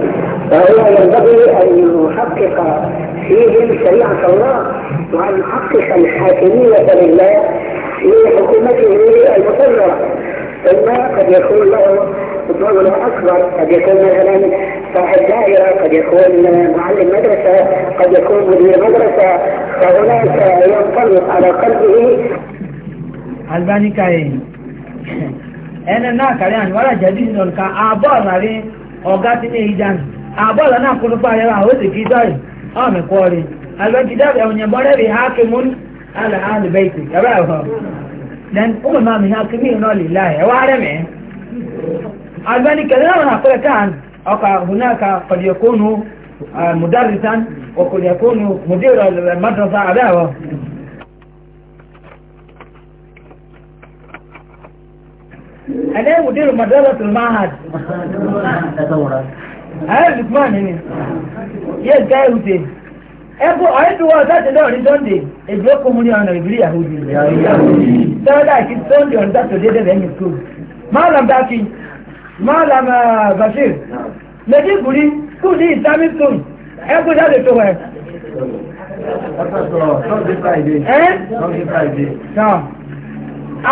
فهو ينبغي ان يحقق فيهم شريعه الله وان يحقق الحاكميه لله في حكومته المقرره ثم قد يكون له ضمن أكبر قد يكون مثلا صاحب دائرة قد يكون معلم مدرسة قد يكون مدير مدرسة فهناك ينطلق على قلبه الباني كاين ẹni náà kàrí àwọn wàrà jẹ́bí ní ọ̀nà àbọ́ọ̀lù àrí ọ̀gá tí ní ìdáni àbọ́ọ̀lù náà kúrú pàrẹ àwọn òsì kí dọ́rì ọmọ ẹ̀kọ́ rí alọ́jì dọ́rì ẹ̀wọ̀n yẹ̀bọ́rẹ́ rí hákìmún alàhálùbẹ́ẹ̀tì ẹ̀rọ ẹ̀họ́ albani kẹlẹ́ náà nà pẹ́lẹ̀ tán ọkà hunaka kọ̀díẹ̀kónú mudarisan kọ̀díẹ̀kónú mudira madrasa abẹ́ àwọ̀ mudira madrasa tó máa hàd ayé lukman ni yẹ ká ẹ̀ hùtẹ̀ ẹ̀kọ́ àìdúwọ̀ sátidọ̀ ní sunday èdè ó kó mú ní ọ̀nà ìbílẹ̀ yahoo sọ́dọ̀ àti sunday on saturday dẹ̀ lẹ́yìn school máa lọ́n dákì Malam Bashir Najib Buri school ní Islamic school ẹgbẹ́ jáde tó wẹ̀.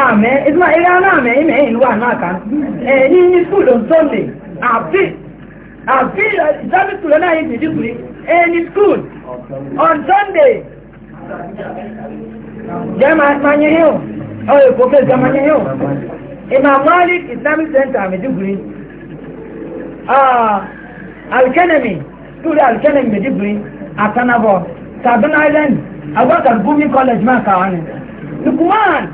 Àmẹ́ ìsúná eré aláàmẹ́ ìmẹ̀ ìlú ànáàká ẹ̀yìn ní school on Sunday àbí àbí Islamic school náà yìí Najib Buri ẹni school on Sunday. Jẹ́ máa ń panyẹ́ yóò, ọ̀ èkó fẹ́ jẹ́ máa ń yẹ́ yóò. Imam Malik Islamic Center Maiduguri ah, Alkenemi Turi Alkenemi Maiduguri Atanabo Kaduna Island Abubakar Gumi College máa kà wá ni. Lukuman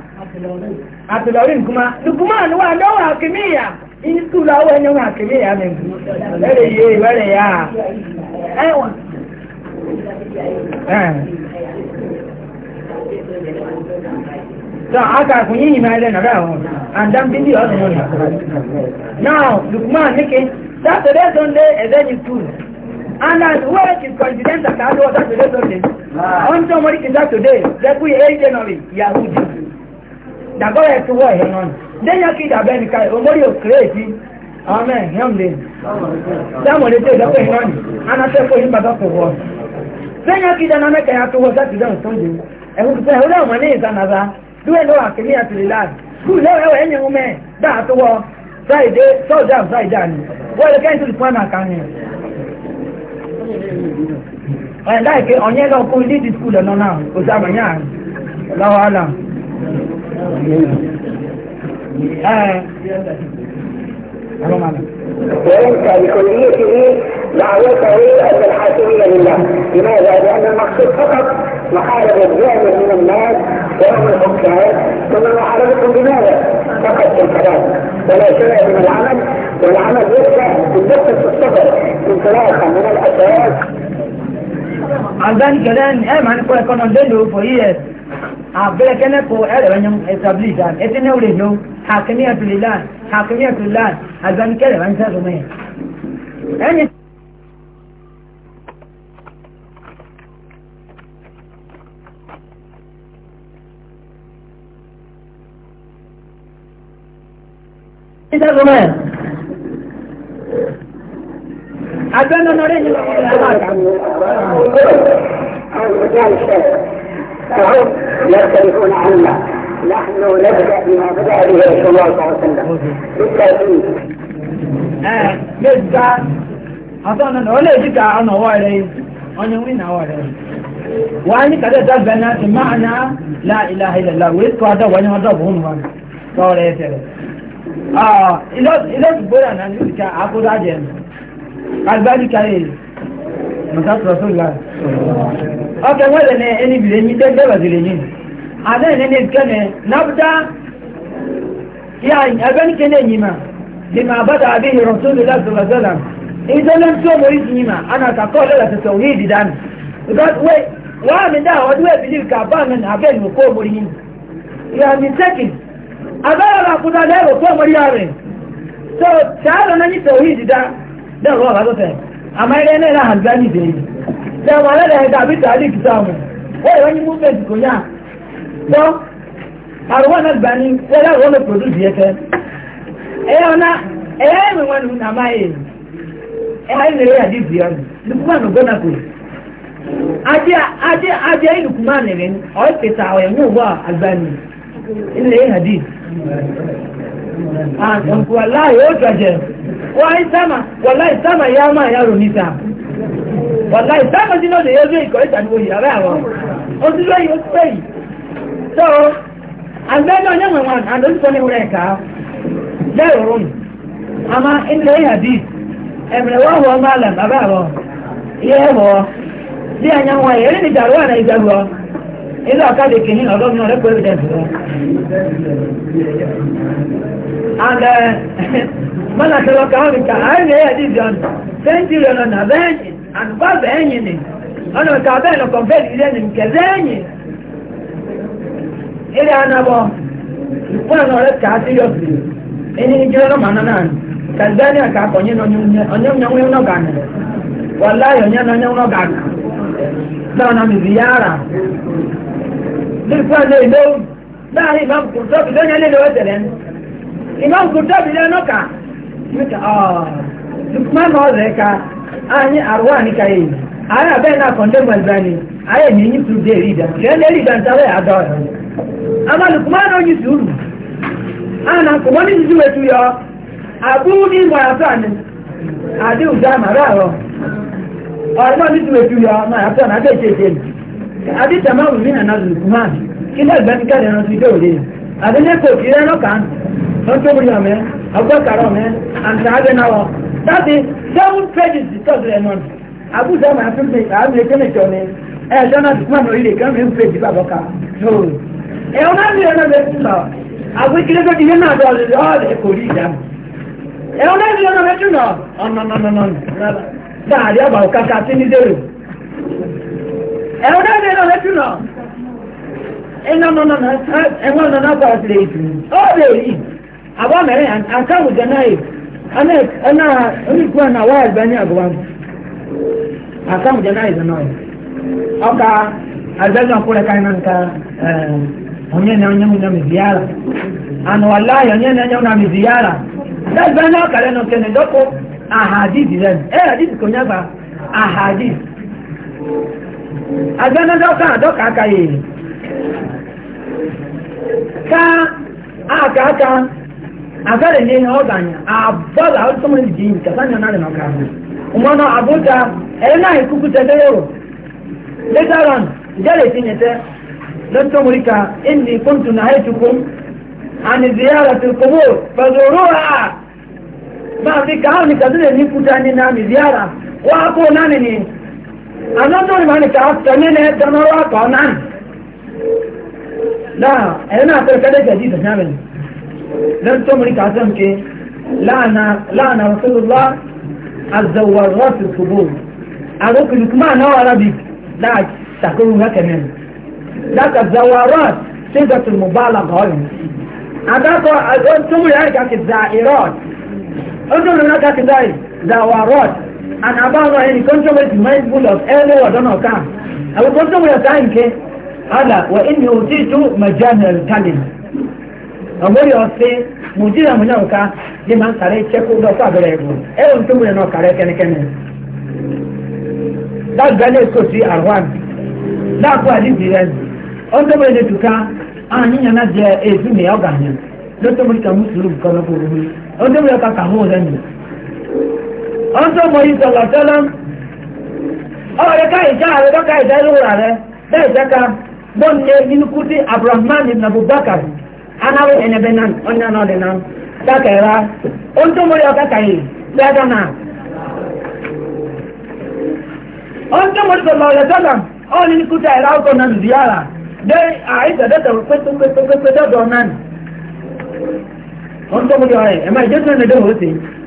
Abdulrahim kuma Lukuman wa lọ́wọ́ Akimiya in skul awọ ẹni wọn Akimiya mi. Eh, Lẹ́rẹ̀ yé eh. ìwẹ́rẹ̀ yá. Ẹ̀wọ̀n. Ẹ̀ẹ̀. so aka kunye ni maile na raho and dan bindi o no now lukman nike saturday sunday and then you school and as well is confident that i was saturday sunday on somebody is saturday that we eight january yahudi that go to war hang on then you kid omori of crazy amen young dey someone dey say doctor hinoni and i say for him baba for world then you kid na make i to war saturday sunday say is another dúwẹ́ lọ́wọ́ àkíní àtìlélàdì skul lẹ́wọ̀ ẹ̀wọ̀ ẹ̀yẹ̀ wọn mẹ́ dáa tó wọ friday sọ́ọ̀dà friday ni wọ́n lè kẹ́yìn tó lè fún àmà kan ni. ẹ̀ láìké ọ̀yẹ́ lọ kún lídìí skul lọ́nà náà kò sí àmàyà lọ́wọ́ àlà. لا كان لكليته دعوته أن الحاكمية لله، لماذا؟ لأن المقصود فقط محاربة جامع من الناس وأنكم شهاد فما عملكم بماذا؟ فقط الكلام ولا شيء من العمل والعمل يبدأ بالدقة في الصدر انطلاقا من الأساس Albani kedan eh man ko ko non dendo for years. Abdul kana ko eh ban yam establish an. Ete ne ure no hakimiyatul lan, hakimiyatul lan. Albani kedan ban sa zo mai. إذا زمان عدنا نريه آه، فهم يختلفون عنا نحن نبدأ بما بدأ به رسول الله صلى الله عليه وسلم بالتأكيد نبدأ أظن ولا يجب عن هوالي أنا وين هوالي وأنا كذا ذا بنات معنى لا إله إلا الله ويتوا هذا وأنا هذا بهم هذا قال يا سيدي Ah, ilé ìgbóra náà ní ìka àkóso àjẹ agbáríkà yìí mọ̀tàkùrọ̀ tó gbà. ọkẹ́ wọ́n lè ní ẹni bìrẹ̀ yín tẹ́ gbẹ́bà bìrẹ̀ yín àná ìní ní ìkẹ́ni nábùdá ẹgbẹ́nikẹ́ ní ẹ̀yìn mà ní mà bàtà àbí ìrọ̀ tó lè láti sọ̀rọ̀ sọ̀rọ̀ ìdọ́lẹ́ tó mọ̀ ìdí yín mà àná àtàkọ́ lọ́la tẹ̀sọ̀ òní ìdí dánù. wọ́n á mi dá ọdún ẹ̀bìlì kà bá mi nà abẹ́ ìmọ̀kọ́ òmòrì yín. you have been taking agbára làkúta lẹ́rọ tó mọ̀rí rẹ̀ tó ṣàárọ̀ náà ní tẹ̀wé ìdídá lẹ́rọ wà látọ̀tẹ̀ àmà ilẹ̀ náà náà hàn gbá nìdè yìí lẹ́wọ̀n alẹ́lẹ̀ ẹ̀dá àbí kìtà mọ̀ ó yẹ wọ́n ní kò yá tó àrùwọ̀n náà gbà ní lẹ́rọ yẹ tẹ́ ẹ̀yẹ́ ọ̀nà ẹ̀yẹ́ ìrìnwọ̀n nù ẹ̀yà ilé hadith wàláyé ó jọjẹ wàláyé sáma wàláyé sáma ya máa yàrò níta wàláyé sáma sí náà lè yẹ lóyè ìkọ̀ ìtàn ìwòye àbẹ́ àwọn oṣù lóyè oṣù pé yìí so àgbẹ̀ náà yẹ mọ̀ wọn àdó sọ ní wúrẹ̀ ká lẹ́rọ̀ rún àmà ilé hadith ẹ̀mẹ̀rẹ̀ wọ́n wọ́n máa làm àbẹ́ àwọn iye wọ́ bí àyàwó ẹ̀rí ni dàrú àná ìgbàgbọ́ ilé ọ̀kadì kìíní ọ̀dọ́ mi ọ̀rẹ́ pẹ̀lú ẹ̀dẹ̀sì rẹ̀. and eh, mọ́nà tẹ́lọ káwọn ìka àárín ẹ̀yà dìbì ọ̀nà sẹ́ńtìrì ọ̀nà nà bẹ́ẹ̀yìn and bá bẹ́ẹ̀yìn ni ọ̀nà ìka bẹ́ẹ̀ lọ kọ̀m̀pẹ́ẹ̀lì ilé ni nkẹ́ bẹ́ẹ̀yìn. ilé anabọ̀ ìpọ́n ọ̀nà ọ̀rẹ́ kà á sí yọ̀sì ẹni ìjírẹ́ lọ́mọ àná náà kàzẹ́ni àkà akọ̀nyẹ́ ọ̀nyẹ́wọ̀nyẹ́wọ̀n náà gànà wọ́n láyọ̀ ọ̀nyẹ́wọ̀nyẹ́wọ̀n náà gànà nípa lè lóhùn láàrin imam kùrùtọ́bì lóyún ẹni lè wẹ́sẹ̀ lẹ́nu imam kùrùtọ́bì lẹ́nu kà níta ọ̀ lukman ọ̀rẹ́ ka anyi àrùwá nìka yìí ààrẹ abẹ́ náà kọ̀ndẹ́mù ẹ̀gbẹ́ni ayé mi yín tún dé rí ìdá kẹ́ lè rí ìdá níta wẹ́ àdọ́ rẹ̀ ama lukman ọ̀yin sùúrù àná kò wọ́n ní títí wẹ́ tu yọ àbúrú ní ìwà àtọ́ àná àdéhùn dá màrá rọ ọ̀rọ̀ ní títí wẹ́ tu yọ adé tàmá wù mí nàná lùkùmán kí náà gbẹ́ni káàdì ẹran ti dé òde àdé ní kò kiri ẹran kan wọ́n tó múlò mẹ́ agbọ́kàrọ̀ mẹ́ àǹtà abẹ́ náà wọ̀ láti seven pages tọ́sí ẹ̀ náà àbúzá máa tún fi àmì ẹ̀kẹ́mẹ̀tọ́ ni ẹ̀ ẹ̀ṣọ́ náà lùkùmán orílẹ̀ kẹ́mi ń pèjì bàbọ̀ ká ẹ̀ ọ̀nà mi ẹ̀ náà bẹ̀ tún lọ àbúrò kí lẹ́gbẹ̀ẹ́ ìyẹn náà dọ̀ ọ̀rẹ́ kò rí ìdáhùn ẹ̀ ọ̀nà mi ẹ̀ náà bẹ̀ tún lọ ọ̀nà ẹ̀rọ náà lẹ́tù náà bá ọ àbá jẹ náà yìí oníkùú ní àgbà jẹ náà yìí náà yìí ọkà nǹkan onye na onye mi ziyara ana wàllayi onye na onye mu na mi ziyara lẹ́gbẹ́ náà kàrẹ́ nù kẹ́ni dọ́kọ̀ ahadi dìrẹ́nu ẹ̀ kò agbẹ́nà dọ́kà dọ́kà akàyè aka aka agara ne na ọganya abọ́là ọtọ́mọ̀ ìdí ìtàsányà náà nà ọkà mmanụ abụta ẹ̀rẹ́ náà ìkúkúta dẹ́yẹ̀wò later on ìjẹ́lẹ̀ ti nyẹ̀tẹ́ lọ́tọ́mọ̀ríkà ẹ̀ndì kóńtù náà ẹ̀tùkún ziyara ti kòmó pẹ̀lú máa fi ka ní kàdúrà na kúta ní anyị ziyara another man is asked أنا لا يدنا واقع عنه لا أنا أترك هذا جديد نعمل لن تمري تعزم كي لعن لعن رسول الله الزوارات القبور أقولك ما نوع ربي لا تقولوا هكا منه لك تزورات صيغة المبالغة هنا أداك أنتم يعني كذائرات أنتم هناك كذائر زوارات and abáwọ̀ ẹni kọ́ntọ́wẹ́tì mindful of every ọ̀dọ́nà ọ̀ká àwọn kọ́ntọ́wẹ́ ọ̀ká nke ala wà ní òtí tó majanel talin ọgbọ́n yọ sí mùjíríà mú na ká ní máa ń kàrẹ́ chẹ́kù lọ́sọ̀ àbẹ̀rẹ̀ ẹ̀bùn ẹ̀rọ tó múlẹ̀ náà kàrẹ́ kẹ́nikẹ́ni lágbàlẹ̀ kò sí àwọn láàpọ̀ àdìsí rẹ̀ ọ̀ntọ́wẹ́ ní tùká àníyàn náà jẹ èsì mi ọ̀gá yẹn lọ́tọ́mọ́ríkà mùsùlùmí kọ́ lọ́kọ̀ òru ọ̀ntọ́wẹ́ ọ̀ká ọjọ́ mọ̀ yìí sọ̀rọ̀ sọ́lọ́ ọ̀rẹ́ káìjá rẹ̀ lọ́ka ìdẹ́rùwà rẹ̀ bẹ́ẹ̀ sẹ́ka bọ́ọ̀nù nínúkútí abrahman ibn abubakar anáwó ẹnẹbẹ náà ọ̀nyá náà ọ̀dẹ̀ náà dákẹ́ra ọjọ́ mọ̀ yìí ọ̀ka kàyè bẹ́ẹ̀ náà ọjọ́ mọ̀ sọ̀rọ̀ ọ̀rẹ́ sọ́lọ́ ọ̀nì nínúkútí ọkọ̀ náà ziyara dé àìsàdẹ́tẹ̀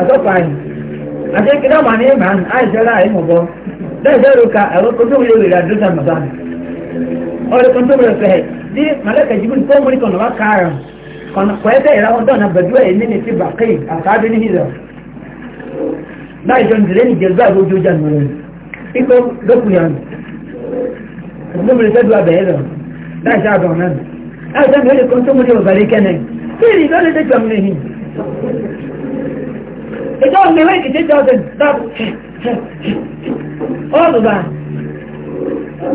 àtọ́pàáyìn àti ìkìlá wà ní ìmọ̀ àìsẹ́lá ìmọ̀bọ́ lẹ́ẹ̀dẹ́rù ka ẹ̀rọ kó tó wulẹ̀ wèrè àdúrà màbá ọ̀rẹ́ kan tó wulẹ̀ fẹ̀ bí màlẹ́kà jìbìtì tó múlí kọ̀nà wá káàrọ̀ kọ̀nà kọ̀ẹ́tẹ̀ ìràwọ̀ dọ̀nà bẹ̀dúwẹ̀ yìí nínú ti bàkì àkáàdé ní hìlọ̀ láìjọ nìdílé ní jẹ̀zú àgbójú ọjà nìyẹn ikọ̀ lókùnyàn tó múlí fẹ́ dùwà bẹ̀ẹ́ lọ láìsẹ́ àbọ̀ náà láìsẹ́ mi ó lè kọ́ tó múlí ọ̀gàrí kẹ́nẹ̀ They don't make it. They don't that. All of that.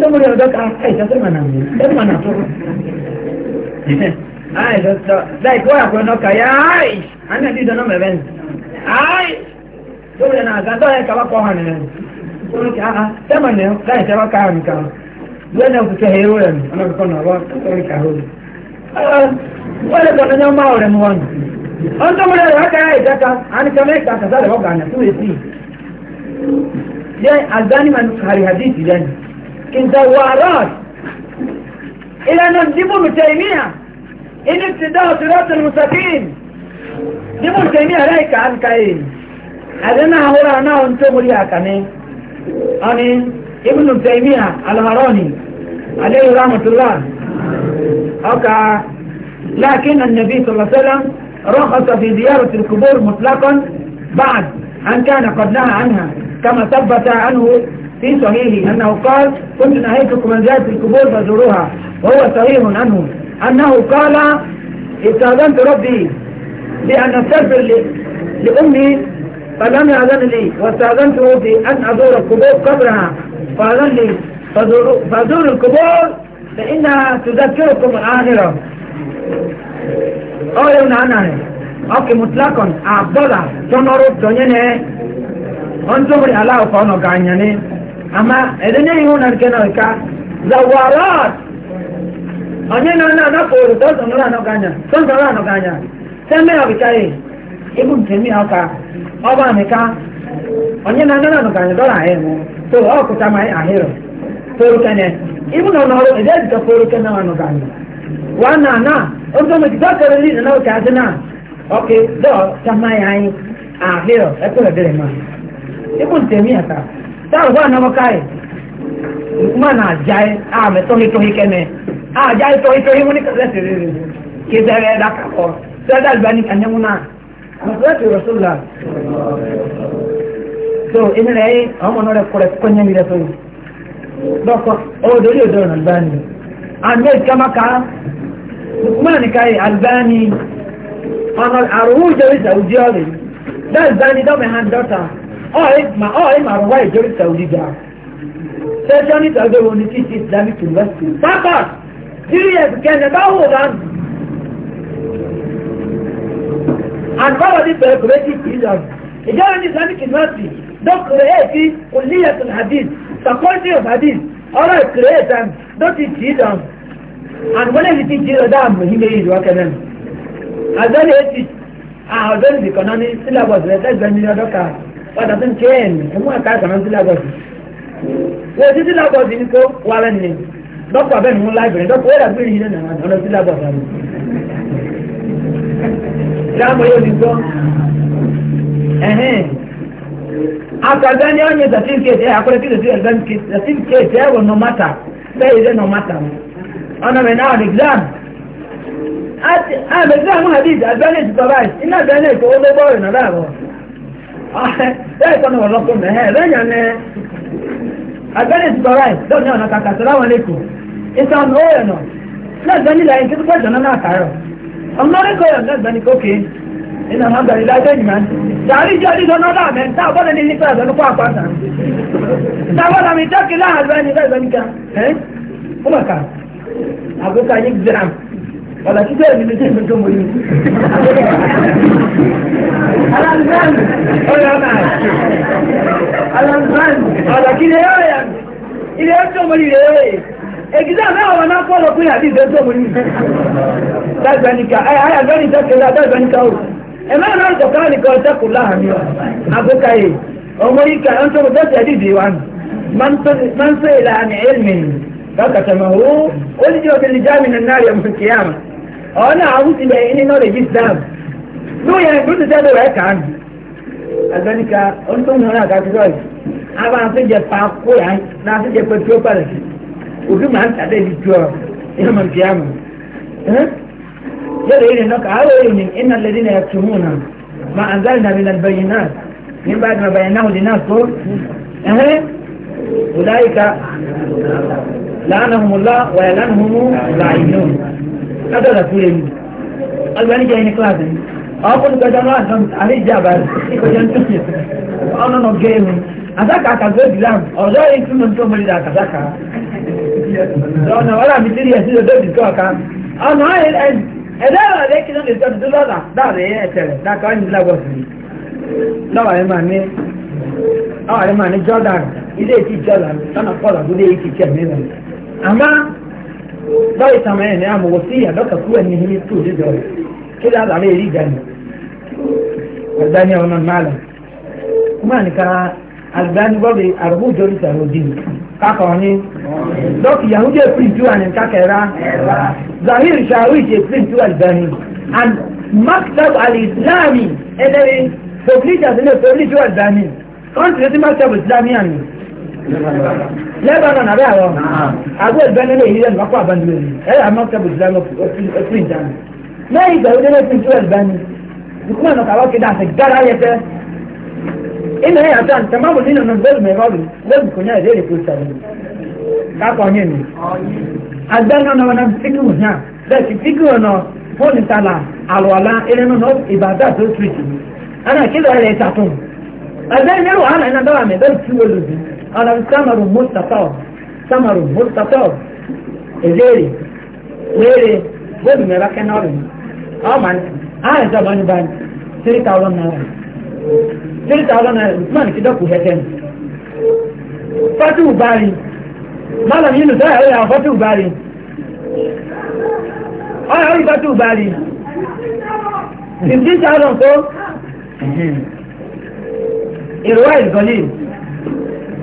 Somebody will look at it. That's man. That's man. Ay, like what happened? Okay, uh, uh, ay. I'm not doing no event. Ay. Somebody na gato ay kawa ko hanen. Okay, ah, tama ne. Dai an zama da haka ya idaka an kama ya kasa da waga na su ne si dai azani man hari hadisi dan kin da warat ila nan dibu mutaimiya in ibtida sirat al-mustaqim dibu mutaimiya rai ka an kai adana hora na on to muri aka ne ani ibnu taymiya al-harani alayhi rahmatullah aka لكن النبي صلى الله عليه وسلم رخص في زيارة القبور مطلقا بعد أن كان قد نهى عنها كما ثبت عنه في صحيحه أنه قال كنت نهيتكم عن زيارة القبور فزوروها وهو صحيح عنه أنه قال استأذنت ربي بأن أستغفر لأمي فلم يأذن لي واستأذنته بأن أزور القبور قبرها فأذن لي فزوروا القبور فإنها تذكركم الآخرة ọrẹ ọ̀nà ànà rẹ̀ ọkẹ̀ mùtìlákọ̀n àbọ̀là tọ́nọ́rọ̀ tọ́nyẹ́ nẹ́ ọ̀ntọ́mọ̀rì aláwọ̀kọ̀ ọ̀nà gànyà ni àmà ẹ̀dẹ́nyẹ́ ihu nà nkẹ́ nà ọ̀ka na ọ̀nyẹ́ nà ọ̀nà ànàkọ̀ọ̀rù tọ́sọ̀nọ́rọ̀ ànà gànyà tọ́sọ̀nọ́rọ̀ ànà gànyà sẹ́mẹ́ ọ̀bìkà yìí ibu ntẹ̀mí ọ̀ka ọba àmìká ọ̀nyẹ́ nà ọ̀nà ànà gànyà dọ́là ayẹ̀ mú tó ọ̀kùtà máa ahẹ́rọ̀ fọ́ọ̀rù kẹ́nẹ̀ ibu nà ọ̀nà ọ̀rọ̀ ẹ̀dẹ́ wa na na o to me kita kare ni na o ta na okay do ta ma ya yi a hero e ko de ma e ko te mi ata ta wa na ba kai ma na jai a me to ni to hi kene a jai to hi to hi mo ni ka se da re da se da ba ni kan ne mo na Masalatu Rasulullah. So, ini rẹ̀ ọmọ náà rẹ̀ kọ̀rẹ̀ kọ́nyẹ́ mi rẹ̀ sọ́yìn. Dọ́kọ̀, ó dorí òdòrò náà gbá ni ahmed kamaka usman kai albani arnold aruhu jori saudi ọrẹ that's zani dọmi hand daughter ọrẹ ma ọrẹ ma arọwa ìjọri saudi ga sẹsọni saudi wo ni titi islamic university papa three years kẹne báwo dan and báwo ni bẹrẹ kò bẹ ti ìjọba ìjọba ní islamic university don create kuliyatul hadith faculty of hadith ọrọ create am don ti ti down and whenever you teach you that he may use work them as well as teach ah ọjọ́ ìdí kan náà ní syllabus rẹ̀ tẹ́gbẹ́ mi lọ́dọ́ ka padà tó ń ké ẹ̀ ní ẹ̀mú àká kan náà syllabus wọ́n ti syllabus ní kó wà lẹ́nu ni dọ́kọ̀ abẹ́nu mú láìpẹ́ dọ́kọ̀ wẹ́rẹ́ àgbẹ̀rẹ̀ yìí nínú àwọn ọ̀nà syllabus rẹ̀ dáàmọ̀ yóò ní gbọ́ ẹ̀hìn akadá ni ọ̀nyẹ́ certificate ẹ̀ akọ́lẹ́kí certificate ẹ̀ wọ̀ nọ mátà bẹ́ẹ̀ yìí dẹ́ nọ mátà wọn. ọ̀nà mi náà ní exam àmì exam hadith advantage provide iná advantage owó ló bọ́ọ̀rù náà one bẹ́ẹ̀ kọ́nà wọ̀ lọ́kùn mẹ́hẹ́ lẹ́yìn ọ̀nà advantage provide lọ́nà ọ̀nà kàkà sọ láwọn lẹ́kọ̀ọ́ ìtàn owó ẹ̀nà náà gbẹ́ni lẹ́yìn tí púpọ̀ jọ̀nà náà kàárọ̀ ọmọ lẹ́kọ̀ọ́ yọ̀ náà gbẹ́ni kókè nínú akara àgbàrí lájẹ́ ìgbà tàbí jọ dídọ́ náà láàmẹ́ tábọ́lẹ̀ ní nípa ẹ̀bẹ̀ nípa àpáta tábọ́lẹ̀ mi tọ́kì láàrín ẹ̀bẹ̀ nípa ẹ̀bẹ̀ nípa ẹ́ akwai ka yi exam wala ki ta yi mutum mutum mu yi alanzan ọlọ́nà alanzan ọ̀la kí ni yóò yà ilé ẹjọ́ mo lè rẹ̀ exam náà wọn náà fọ́lọ̀ pé àbí ìfẹ́ tó mo ní dágbàníkà ayàgbàníkà kẹlẹ́ dágbàníkà o ẹ̀mẹ́ náà kọ̀ọ̀kan a ọ̀tẹ́kùn láàmì àgbékayè ọmọ yìí kà ń tó mo tẹ́tẹ̀ dìde wa man sọ ìlànà ẹ̀mí kaka tamaru ó ní jẹ́ ọ̀tẹ̀lẹ̀ jáàmì náà náà yẹn mú kíyàmù ọ̀nà àwọn ti bẹ̀ ní náà lè yí islam ló yẹn tó ti sẹ́dọ̀ rẹ̀ kàn án agbẹ́nika ó ń tó ń hàn àkàtì sọ́ọ̀yì àbá àti jẹ paako yà náà àti jẹ pẹtrol palace òbí màá ń tàdé ibi jù ọ yẹn mú kíyàmù yẹ́rẹ̀ yìí nìkan àwọn èèyàn ní iná lè dín ẹ̀tù mú náà ma àǹgáyìn náà nílẹ̀ bẹ̀yìn náà nígbà tí ma bẹ̀yìn náà ò dín náà tó ẹ̀hẹ́ ọ̀dà yìí ká lánàmúlá wẹ̀lánàmú làínú ládọ̀dà fúre mi agbẹ́ni jẹ́ ní kíláàsì mi ọkùn kọjá náà sọ àríjà bàrẹ̀ ìkọjá ń túnṣe ọ̀nà nà gé mi àtàkà àkàgbé ìdílám ọ̀dọ́ yìí tún mọ̀ tó mọ̀ nílẹ̀ àkàtàkà ọ̀nà wọ́lá mi sírí ẹ̀sí lọ́dọ̀ ìdíkọ̀ ọ̀ka ọ̀nà ẹ̀dá ìrọ̀lẹ́ kí lọ́dọ̀ ìdíkọ̀ ọ̀dọ̀ lọ́dà dáàrẹ̀ ẹ̀ amma bai sama ya ne amma wasiya daga kuwan ne hini to da wani kida da mai riga ne albani a wannan malam kuma ni ka albani ba bai arbu jori sa rodin kaka wani dok yahudi ya print tuwa ne kaka era zahir shawi ke print tuwa albani and maktab al-islami edere publishers ne publish tuwa albani country maktab islami ne lebanon abẹ́ àwọn àgbo ìbẹ́nilẹ̀ yìí lẹ́nu wákò àbánilẹ̀ yìí ẹ̀rọ amọ́kẹ́ bùsùlẹ̀ ọ̀fìn ìdáná lẹ́yìn ìgbà òde lẹ́sìn tó ẹ̀bẹ́ni ìkúmọ̀ nù kàwá kéde àti gára yẹtẹ́ inú ẹ̀yà tán tẹ̀mọ́mù nínú nù lẹ́nu mẹ́rọ́lù lẹ́nu kò ní ẹ̀dẹ́ rẹ̀ kó sàlẹ̀ kákọ̀ ọ̀yẹ́ mi agbẹ́nu náà náà fóònù náà ọ̀nà samaru mustapha samaru mustapha ezeri wéere bóbi mẹ́ra kẹ́nọ́ọ̀rì ọmọ ààrẹ sọ bani bani three thousand naira three thousand naira usman kí dọ́kù hẹ́tẹ́n fatihu bari malam yìí nùsọ́ ẹ̀rọ yà fatihu bari ọ̀rọ̀ yìí fatihu bari fifteen thousand kó ìrọ̀wá ìgbọ̀nìyìí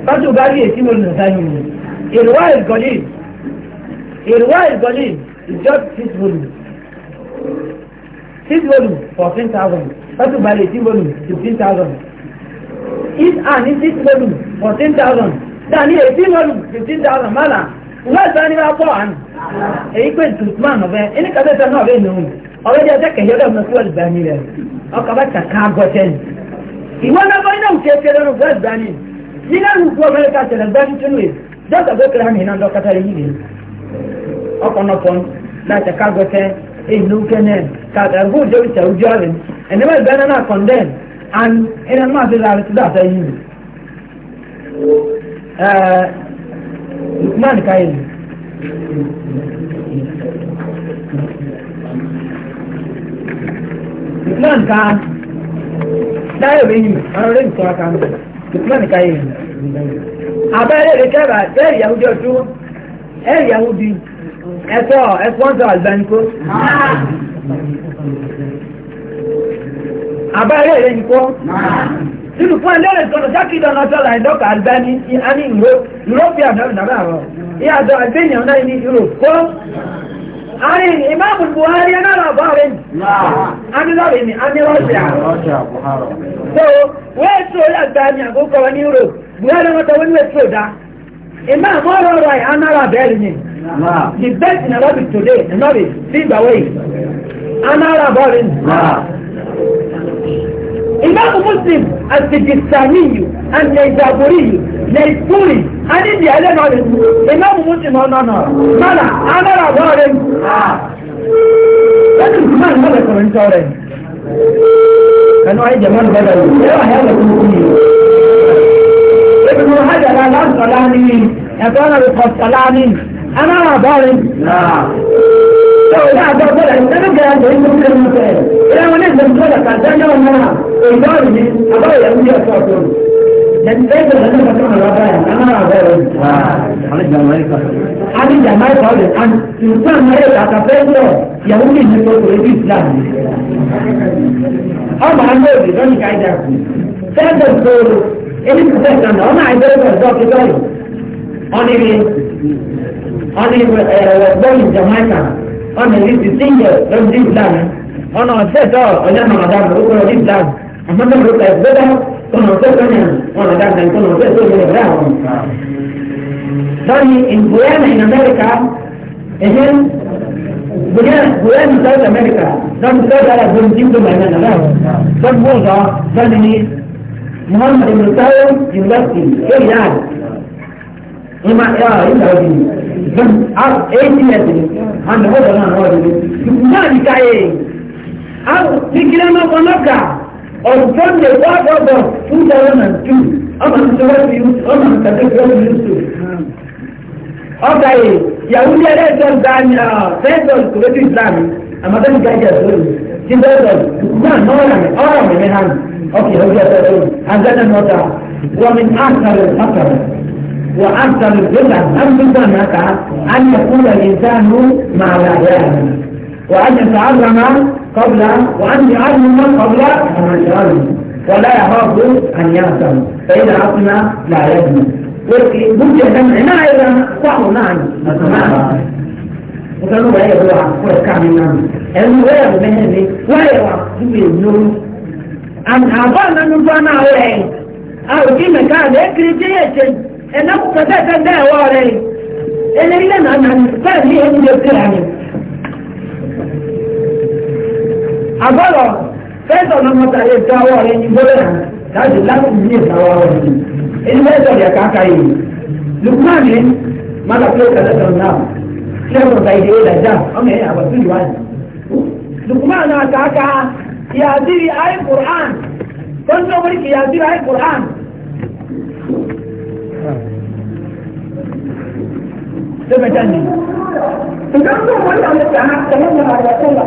fájú bá rí èsì mo lè sáyé mi ìrùwá ìgọ̀lì ìrùwá ìgọ̀lì is just six volumes six volumes fourteen thousand o bá rí èsì volumes fifteen thousand each and in six volumes fourteen thousand dani eighteen volumes fifteen thousand mọ́là wọ́n sọ ní bá pọ̀ àná èyí pé tùtùmọ̀ ọ̀fẹ́ ẹni kàtẹ́tẹ́ náà ọ̀fẹ́ nìyẹn ọ̀rẹ́ jẹ́ ọjọ́ kẹ̀yẹ́ ọ̀dọ́ ọ̀nà tí wọ́n nina lukuwa vile kase na basi tunwe data go kra hina ndo katari hivi oko no pon na ta kago te e eh, luke ne ka da go de uta ujale ene ma bana na condemn and ene ma de la ta ta hivi eh Lukman kai Lukman ka Dayo bi ni, ara re nko aka kìtìlọ́nì káyé yìí abẹ́rẹ́ rẹ̀ kẹ́rà bẹ́ẹ̀ yahudi ọdún ẹ̀ yahudi ẹ̀sọ́ ẹ̀fọ́nsọ àgbáńkó abẹ́rẹ́ rẹ̀ yìí kọ́ nínú fún ẹlẹ́rẹ̀ sọ̀rọ̀ jákèjì ọ̀nà sọ̀rọ̀ àìdọ́kà àgbáni ní ìlú europe àbẹ̀rẹ̀ nàbẹ̀ àrọ̀ ìyàtọ̀ àgbẹ̀yìn ọ̀nà ìní europe kọ́ àárín ìmáàmù buhari anára àbáre ní amílọ́rì ní amílọ́sì àárọ̀ so wọ́n tó yàgbá ní àkókò ní rò buhari wọ́n tọ́wọ́ ní ètò ìdá ìmáàmù ọ̀rọ̀ ọ̀rọ̀ ẹ̀ anára bẹ́ẹ̀rẹ̀ ní the best in arabic today nọ́ọ̀rì sí ìgbàwé anára àbáre ní ìmáàmù muslim àti jìsàníyù àti ìjàgbóríyù lẹ́kùnrin anídìí ẹlẹ́nà rẹ̀ iná mú sí mọ́ náà mọ́nà anára wọ́n rẹ̀ lẹ́nu ìgbìmọ̀ ìmọ̀lẹ̀ kọ̀rin tọ́ rẹ̀ ẹnu ayé jẹ̀mọ́ ìbẹ̀rẹ̀ rẹ̀ ẹwà ẹ̀ lẹ́kùn kúrì ẹ̀kùn hajjara lásọ̀lá ní ẹ̀kọ́ náà rẹ̀ kọ̀sọ̀lá ní anára bọ́rin Ìjọba àgbà ọ̀gbọ́dà ìgbẹ́gbẹ́ àgbà ìgbẹ́gbẹ́ ìgbẹ́gbẹ́ ìrẹ́wọ̀n ní ìgbẹ́gbẹ́ ọ̀gbọ́dà kàdé ẹ̀yọ́ ọ̀nà ìgbọ́rin ní àbáyọ̀ ìyẹn ní ọ̀sọ̀ ọ̀gbọ́n. لكن كيف تتفق مع الرباية أنا رباية أنا جماعي قولي أن إنسان ما يتعتفق له يهودي نتوك ويجي إسلام أما عن نوبي ذلك عيد أكل كيف تقول إلي تتفق عنه أنا عيد أكل أرزاق كتاري أنا إيه أنا بوي جماعي أنا ليس سيئة رمزي إسلام أنا أتفق أنا ما أدام أقول إسلام أما أنا أقول إسلام Kalau saya tanya, orang datang kalau saya tu dia berapa? Dari Guyana in America, ejen Guyana Guyana South America, dan kita ada berjim tu mana nak? Dan bolga, dan ini Muhammad Ibn Tayyib University, Iran. Ima ya, ini lagi. Dan ab ATS ini, anda boleh nak awal ini. Bukan dikaya. Ab, dikira nak nak On Sunday, what about 2002? I'm going to tell you, I'm going to tell you, ọ̀gá yìí yàwó ní ẹlẹ́sọ̀ gbànyà fẹ́sọ̀ kòlójú islam àmọ́tẹ́ni gàjà lórí ti fẹ́sọ̀ náà nọ́ọ̀rọ̀ mi ọ̀rọ̀ mi ní hàn ọ̀kì ọjọ́ ẹ̀sọ̀ lórí agbẹ́nà mọ́ta wọ́n mi àkàrẹ̀ àkàrẹ̀ wọ́n àkàrẹ̀ gbẹ́gbà àmúgbà náà ká á yẹ kúrò ìdánù màrà yára wọ́n á yẹ قبل وأن من قبل أن يعلم ولا يخاف أن يهتم فإذا عقل لا يبني وجه دمعنا إذا صحوا نعم وكانوا بقى يدوا ويكعمل نعم أنه غير مهني وغير سبيل النور أن أعطانا نبانا عليه أو كما كان يكريتيشن أنه قد كان ده وعليه انا إلا انا أن أن أن أن أن أن agbọ́dọ̀ fẹ́sọ̀ ló mọ tàbí ìta ọwọ́ rẹ ní gbọ́dọ̀ náà láti láti ní ìta ọwọ́ rẹ ẹni fẹ́sọ̀ yẹ káka yìí lukman ni mọ́tà pé kẹlẹ́sọ̀ náà ṣẹ́gun ta ìdíwé làjá ọmọ ẹ̀yìn àbọ̀tún ìwádìí lukman náà káka yàdìrí ayé kùrán tó ń tọ́wọ́rí kì yàdìrí ayé kùrán. Sebe tani. Ìjọba tó ń wọlé àwọn ìgbà náà tẹ̀lé ìjọba àgbà tó lọ.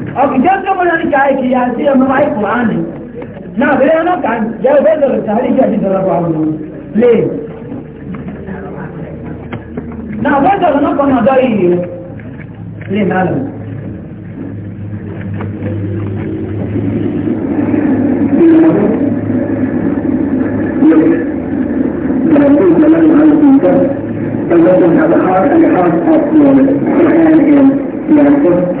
ọ̀gìjẹ́ tó mọ́nà ní káyé kìí àti ọmọ máa kù ánì náà bẹ́ẹ̀ ọ̀nà kan jẹ́ ọ̀bẹ́ lọ́rọ̀ sáré jẹ́ àti dọ̀rọ̀ bọ̀ àwọn lè. náà ọ̀bẹ́ sọ̀rọ̀ náà kọ́ náà dọ́rí yìí lè má lọ. الذي قد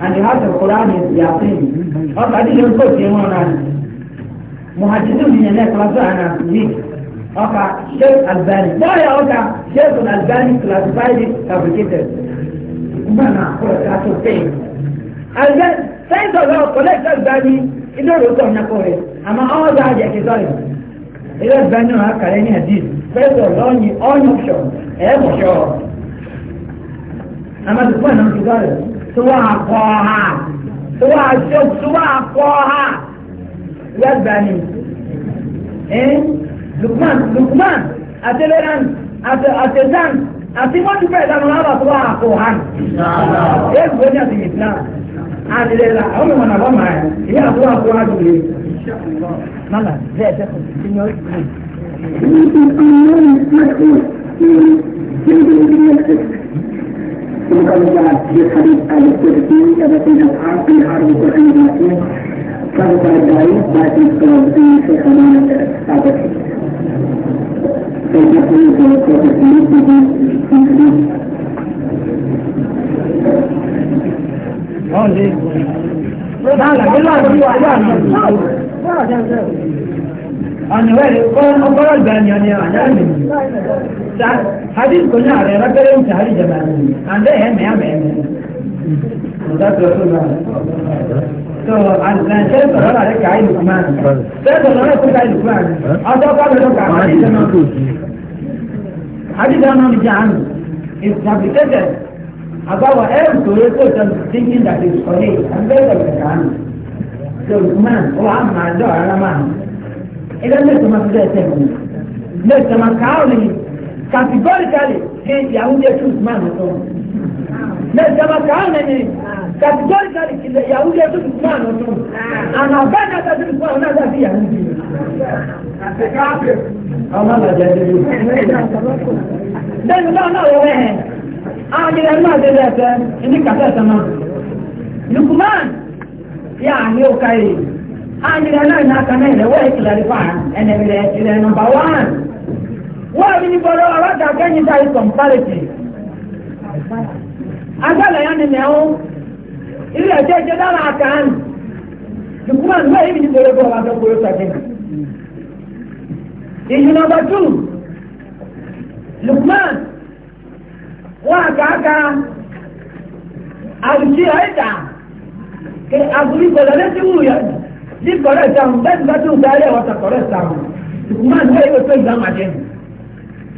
and the house of Quran is their thing. Ọ̀pọ̀ àdìsí ń kóòtù ẹ̀wọ̀n náà ni. Mùhàdìsí mi yẹn lẹ́kọ̀ọ́ lọ́sọ̀ àná ní ọkà Sheikh Albani. Bọ́ọ̀yà ọkà Sheikh Albani classified it fabricated. Gbọ́nà kúrò ká tó pè é. Àgbẹ̀ sẹ́yìn sọ̀rọ̀ kọ̀lẹ́tì Albani ilé ìlú tó ọ̀nà kọ̀ rẹ̀. Àmọ́ ọ́n dá àjẹ́ kí sọ̀rọ̀. Ilé Albani náà kàrẹ́ ní àdìs. Fẹ́sọ̀ lọ́ọ̀yìn ọ̀nyọ̀ṣọ̀ ẹ̀ẹ́mọ̀ṣọ̀. Àmọ́ tụwa akọ ha tụwa asọ tụwa akọ ha yabani lukman lukman ateleran ate atezan ati wọn tún bẹẹ dànù lábà tụwa akọ ha ee gbogbo ní àti islam àdìrẹ́là àwọn ha mama bukan jangan dia hari ada seperti ada tidak hati hari seperti mati kalau pada hari mati kalau di sesama ada saya pun kalau kita dia lah. Dia lah. Dia Dia lah. Dia lah. Dia lah. Dia lah. Dia lah. Dia lah. Dia lah. Dia lah. that hadith ko na re rakare mu hari jama and they have me am that rasul so and then said the ra re kai lukman said the ra ko kai lukman and the ka lo ka hadith na hadith na ni jan is fabricated about every to it thinking that is funny and they are the kan so lukman o am ma do ala ma ila ne to ma se te ne ne to ma ka o ni categorically ṣe yahudiya choose man ọtọ mẹsàmà kàánà ni categorically ṣe yahudiya choose man ọtọ and abẹ́ náà ṣe choose man ọ̀nà àti yahudi. ọmọ bàjẹ́ ṣe yí. bẹ́ẹ̀ni náà náà wọ ẹ̀hẹ̀ àgbẹ̀rẹ̀ náà ṣe lè ẹ̀fẹ́ ní kàfẹ́ ẹ̀sẹ̀ náà lukuman yà á ní òkà yìí àgbẹ̀rẹ̀ náà ní aka náà ìrẹ̀wẹ̀ ìkìlẹ̀ nípa ẹ̀nẹ̀mìrẹ̀ ìrẹ̀ nọmba one wọ́n mi ní bọ́lá ọlọ́dà kẹ́yìn dá ikọ̀ mùsàlẹ̀tì. agbálẹ̀ yẹn ni mẹ́wọ́ ilé ẹ̀jẹ̀ ẹ̀jẹ̀ dára àkàn dùkúmọ̀ nígbà yìí ní bọ́lá bọ́lá bọ́lá bọ́lá sàkẹ́. ìyù nọmba tù lukman wọn àkàkà àwùjí ọ̀ẹ́dà kí àbúrí bọ̀lá lẹ́sìn wù yẹn ní bọ̀lá ìsàmù bẹ́ẹ̀ ni bá tún gbà yẹ wọ́n sàkọ̀rọ̀ ìsàmù lukman bẹ́ẹ̀ yóò tó ìgbà màdé nù.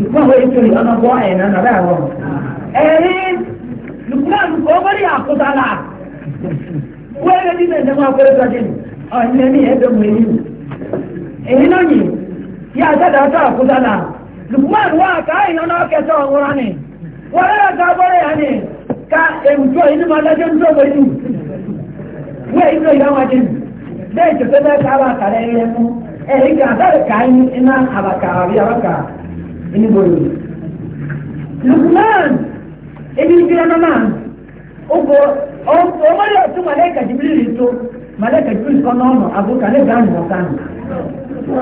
lukman yìí tóri ọ̀nà bọ́ ẹ̀ nà nàbẹ́ àwọn. ẹ̀rí lukman kò wọ́n wee kúta la wọ́n yẹ bí bẹ́ẹ̀ dẹ́gbọ́n akọ́rẹ́ sọ́jì ọ̀nà mi ẹ̀ dẹ́gbọ́n èyí. èyí náà yìí yà sẹ́dá tó àkúta la ka ni wọ́n yẹ ká ni ka èwùjọ ni anybody. Lukman, ebi ibi ọ̀nà máa, ogo ọmọdé ọ̀tún Màlẹ́kà Jibril tó Màlẹ́kà Jibril kọ́ náà nọ àbúkà ní Ghana ọ̀tá nù.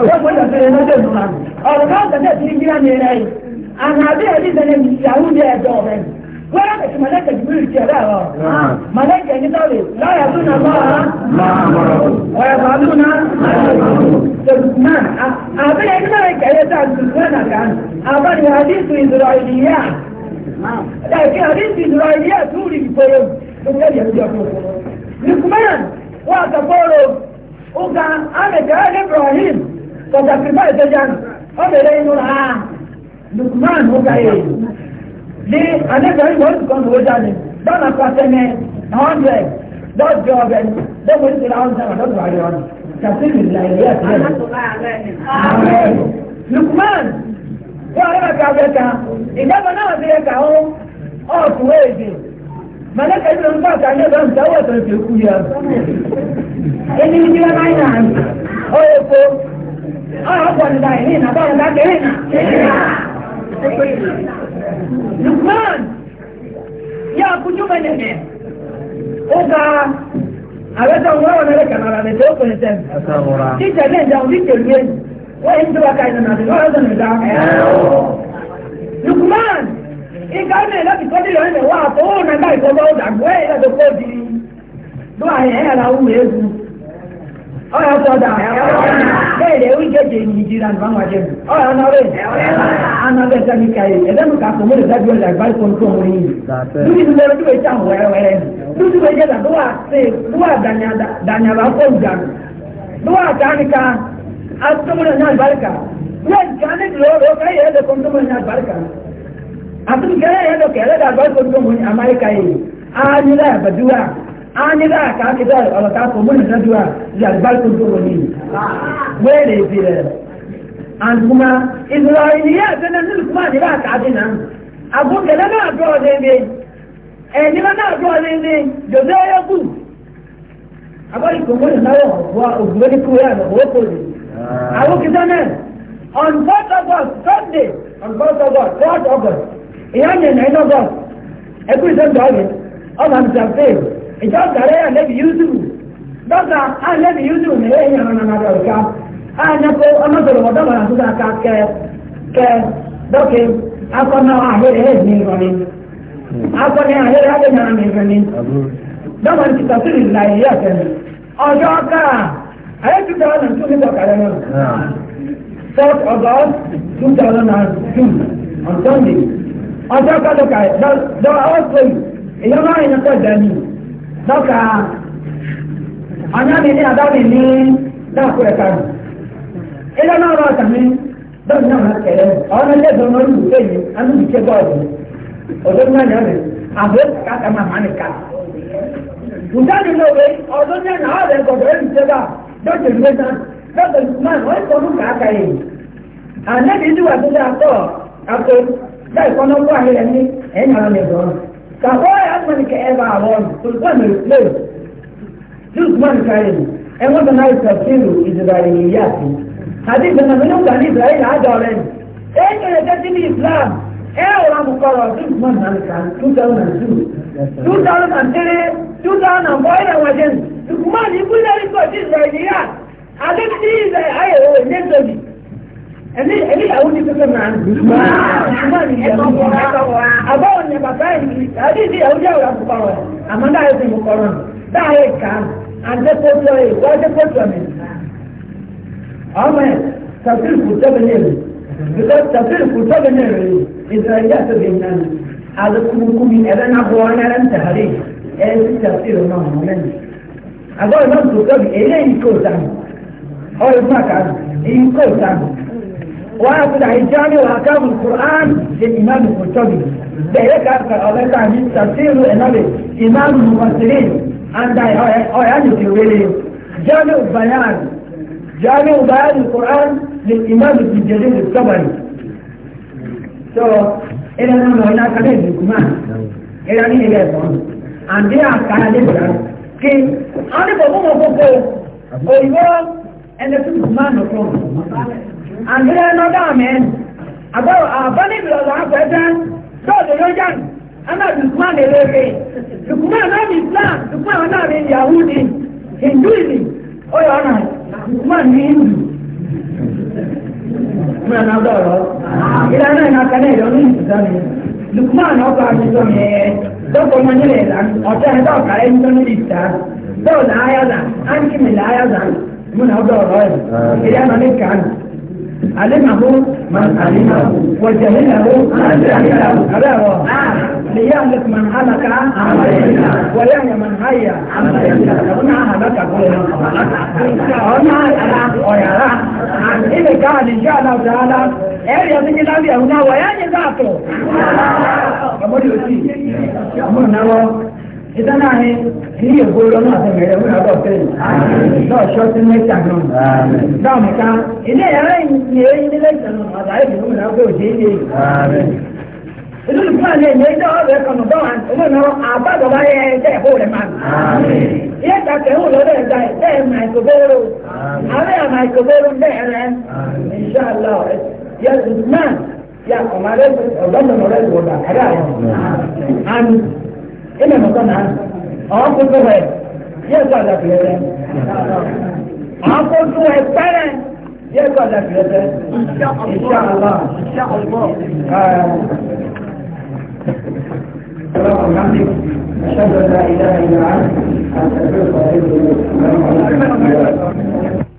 Lọ́pọ̀ ìdọ̀tí rẹ̀ lọ́dọ̀ ìlú náà. Ọ̀rọ̀ náà tẹ̀lé ti ní Jíra ní ẹ̀rẹ́ yìí. Àmà àbí ẹ̀rí ìdẹ́lẹ̀ ìyàwó ní ẹ̀dọ́ rẹ̀ yìí. ولكن ملك جبريل كلاه ملك نتالي لا نعم. يعصون يعني الله ما امره ويفعلون ما أبدا ملك يدع سلطانك عنه أبدا حديث إسرائيليات نعم. لكن حديث إسرائيليات تولي بفيوم لقمان وأتفوره وكان أمد آل إبراهيم فتكرفاء سجان أمد لينه لقمان هو كأيه ní anẹ́gbẹ̀rún ìwọ̀n nìkan ló jáde dọ́nà pàtẹ́nẹ́ hundred lọ́jọ́ ọbẹ̀ lọ́wọ́ ìṣẹ̀lẹ̀ ọ̀sán lọ́dọ̀ àríwá ni kàtíìlì nàìjíríà ti rẹ̀. lukman wọ́n arẹ́bà ká ọbẹ̀ ká ìjọba náà fi ẹ̀ka ó ọ̀tún wéèdè mọ̀lẹ́kẹ̀ ìlú nípa ọ̀tà ní ọ̀dọ́ ìṣẹ́wọ̀ ọ̀tọ̀ ìṣẹ́ kú yẹ. ẹni ní bí wọ́n máa ń nà ó epo ọ̀rọ̀ ọ̀pọ̀ nígbà yìí ní ìnàbọ̀ ọ̀dà kéré nà. Lukman ya ku juma ne ne uka aweza unawa na leka mara ne toko ne tem tita ne ndio ndike lwen wewe ndio akaina na ndio Lukman ikane la na ngai kwa sababu dagwe la dokodi yesu. ọ̀rọ̀ sọ̀dà bẹ́ẹ̀ lè ó jẹ́jẹ́ ìyíjìlá nígbàmọ̀ àjẹ́bù ọ̀rọ̀ ọ̀nàrẹ́ anabẹ́ sani kàyé ẹ̀dẹ́nu kà fún mọ́lẹ̀ dájú ọ̀là ìbáyé kò ń tó wọn yìí lórí ti lọ́rọ́ tó bẹ sàn wẹ́rẹ́wẹ́rẹ́ lórí ti bẹ jẹ́ dàbí wà sí wà dànyàrá kó gbà lórí wà sani ká asọ́mọ́lẹ̀ ní àlùbáríkà wọ́n gánà lọ́rọ́ kẹ́yẹ̀ ẹ̀dẹ́ kò ń tó wọn ní àlùbáríkà àtúnkẹ́yẹ̀ ẹ̀dẹ́ kẹ́yẹ̀ ẹ̀dẹ́ àlùbáríkà kò ń tó wọn ní àmáríkà yìí anyị na-aka akịta ọlọta afọ mụ na ju a ji na-ebire azụma ndị anyị na-aka adị na na-abụ ọdị ebe na-abụ ọdị ndị na ya ọgwa ndị ya na ọgwa okporo na on 4 August Sunday on August August ìjọ gàrẹ́ àlẹ́bí yúdùrù dọ́kà àlẹ́bí yúdùrù ní ẹ̀yìn ẹ̀rọ nàmà rẹ̀ ọ̀ká àyẹ̀kọ́ ọmọdọ̀rọ̀ ọ̀dọ́mọ̀ àti àká kẹ kẹ dọ́kì akọ́nà àhẹ́rẹ́ ẹ̀ ní ìrọ̀lẹ́ akọ́nà àhẹ́rẹ́ ẹ̀ ní ìrọ̀lẹ́ dọ́kà ti tàfírì láyé yàtẹ̀ ọjọ́ káà ayé ti tẹ̀wọ́n náà tún ní bọ̀kàrẹ́ náà fourth august two thousand and two on sunday ọjọ́ kálukà dọ́ ọ́ pé ìyọ́nà ìyẹn kọ́ dání dọ́kà ọ̀nyá mi ní adámi ní dáàkú ẹ̀ka nù ilé náà rọ ọ̀tà mi dọ́kì náà máa kẹ̀lẹ́ ọ̀nà ilé ìdùnnú ọ̀nà ìlú kéyìí anú mi ké bọ́ọ̀lù ọ̀dọ́ ní àná mi àbúrò kàkà máa máa nìka ni ló wé ọ̀dọ́ ní àná ọ̀rẹ́ gbọ̀dọ̀ ẹ̀rù ṣe bá dọ́kì ìlú ẹ̀ta dọ́kì náà wọ́n ń sọnù kàkà yìí àná mi ní wà kakɔɔ yɛ asɔni kɛ ɛba awɔn sultani play sultan karim ɛwɔn nana isafiru israeli yaasi hadi bana minnu kan israeli adɔrɛn ee kɛlɛ kɛse ni islam ee wura mu kɔrɔ sultan nani kan two thousand and two two thousand and three two thousand and four ɛna wajen sultan ibu lɛri kɔ ti israeli yaasi ale ti israeli ayɛ o ne tobi ẹni ẹni àwọn ti tẹ́tẹ́ máa ń dùn. àbáwọn ni bàbá yìí àti ìdí àwọn yàrá àkùkọ rẹ àmọ́ dáhà ti mú kọ́rọ̀ dáhà yìí kà á àdẹ́kọ̀tọ̀ yìí wọ́n àdẹ́kọ̀tọ̀ mi. ọmọ ẹ tàbí kù tẹ́lẹ̀ ní èrè because tàbí kù tẹ́lẹ̀ ní èrè ìsirayí àti òbí náà ni àdókùnkùn mi ẹ̀rẹ́ náà bọ̀ wọn ẹ̀rẹ́ ń tàrí ẹ̀ ti tàbí rẹ̀ náà mọ̀ ويأخذ حجامي وأحكام القرآن للإمام القرطبي ذلك أذكر أولئك من تفسير النبي إمام المفسرين عند أيان الكبير جامع بيان جامع بيان القرآن للإمام ابن جرير الطبري so إلى أن هناك كلام لكمان إلى أن هي يفهم عندي أكاد كي أنا بقوم أقول أيوة أنا في كمان أقول àgbẹ̀rẹ̀ ẹnọ́dá àmẹ́ àgbẹ̀rẹ̀ àbọ́nìbìlọ̀lọ́ àgbẹ̀dá lọ́ọ̀dọ̀ ló yàn ana lukman eléré lukman náà ní islam lukman náà ní yahudi hinduism ó yọ ọ́nà lukman ní hindu lukman náà dọ̀rọ̀ ìlànà ìnákaná ìlọ́nà ìsìtáni lukman ọkọ̀ àtijọ́ mi ẹ̀ dọ́kọ̀ ọmọ nílẹ̀ ìlànà ọ̀tá ẹ̀dá ọ̀kàrẹ́ ń tọ́ nílẹ̀ ìsìtáni dọ́ọ̀dà ayáza ánkìmìlà ayáza múnà ọ̀dọ̀ ọ̀rọ̀ ẹ̀ ìlànà ní kàánù علمه من علمه وجهله من جهله أباه ليهلك من هلك عملنا ويهي من هيا عملنا ونعها لك قولنا ونعها ويرى إذا كان إن شاء الله تعالى ẹ̀rì ọdún jẹ́ lábí ẹ̀hùn náà wọ̀ yá ní sáàtọ̀ ọmọdé òsì ọmọ náà ìtàn náà ni kìí ègbó lọ́nà àtẹ̀mẹ̀rẹ̀ mú ọ̀dọ̀ fẹ́yìn náà ṣọ́ sí mẹ́ta náà náà nìkan ilé ẹ̀rọ ìyè ilé ìtànà ọ̀dà ìdìbò náà gbé òjì ilé ìlú ìlú náà lè ní ẹjọ́ ọ̀rẹ́ kanu bọ́wọ́n olóòrùn àbádọ́bá yẹ ẹjẹ́ ìbò rẹ̀ máa yẹ kàkẹ́ ń lọ́dọ̀ ẹ̀dá ẹ̀ màìkòbóró ààrẹ àmàìkòbóró bẹ́ẹ̀ rẹ̀ ìṣàlọ́ yẹ ṣùgbọ́n yà ọ̀mà rẹ̀ ọ̀dọ́mọ̀rẹ́ ìwọ̀dà kárà rẹ̀ ilẹ̀ nìkan náà àwọn kò tó rẹ̀ yẹ kó àdàbí rẹ̀ rẹ̀ àwọn kò tó rẹ̀ pẹ́rẹ́ yẹ kó àdàbí rẹ̀ rẹ̀ ìṣá àlá. أشهد أن لا إله إلا أنت أستغفرك وأتوب إليك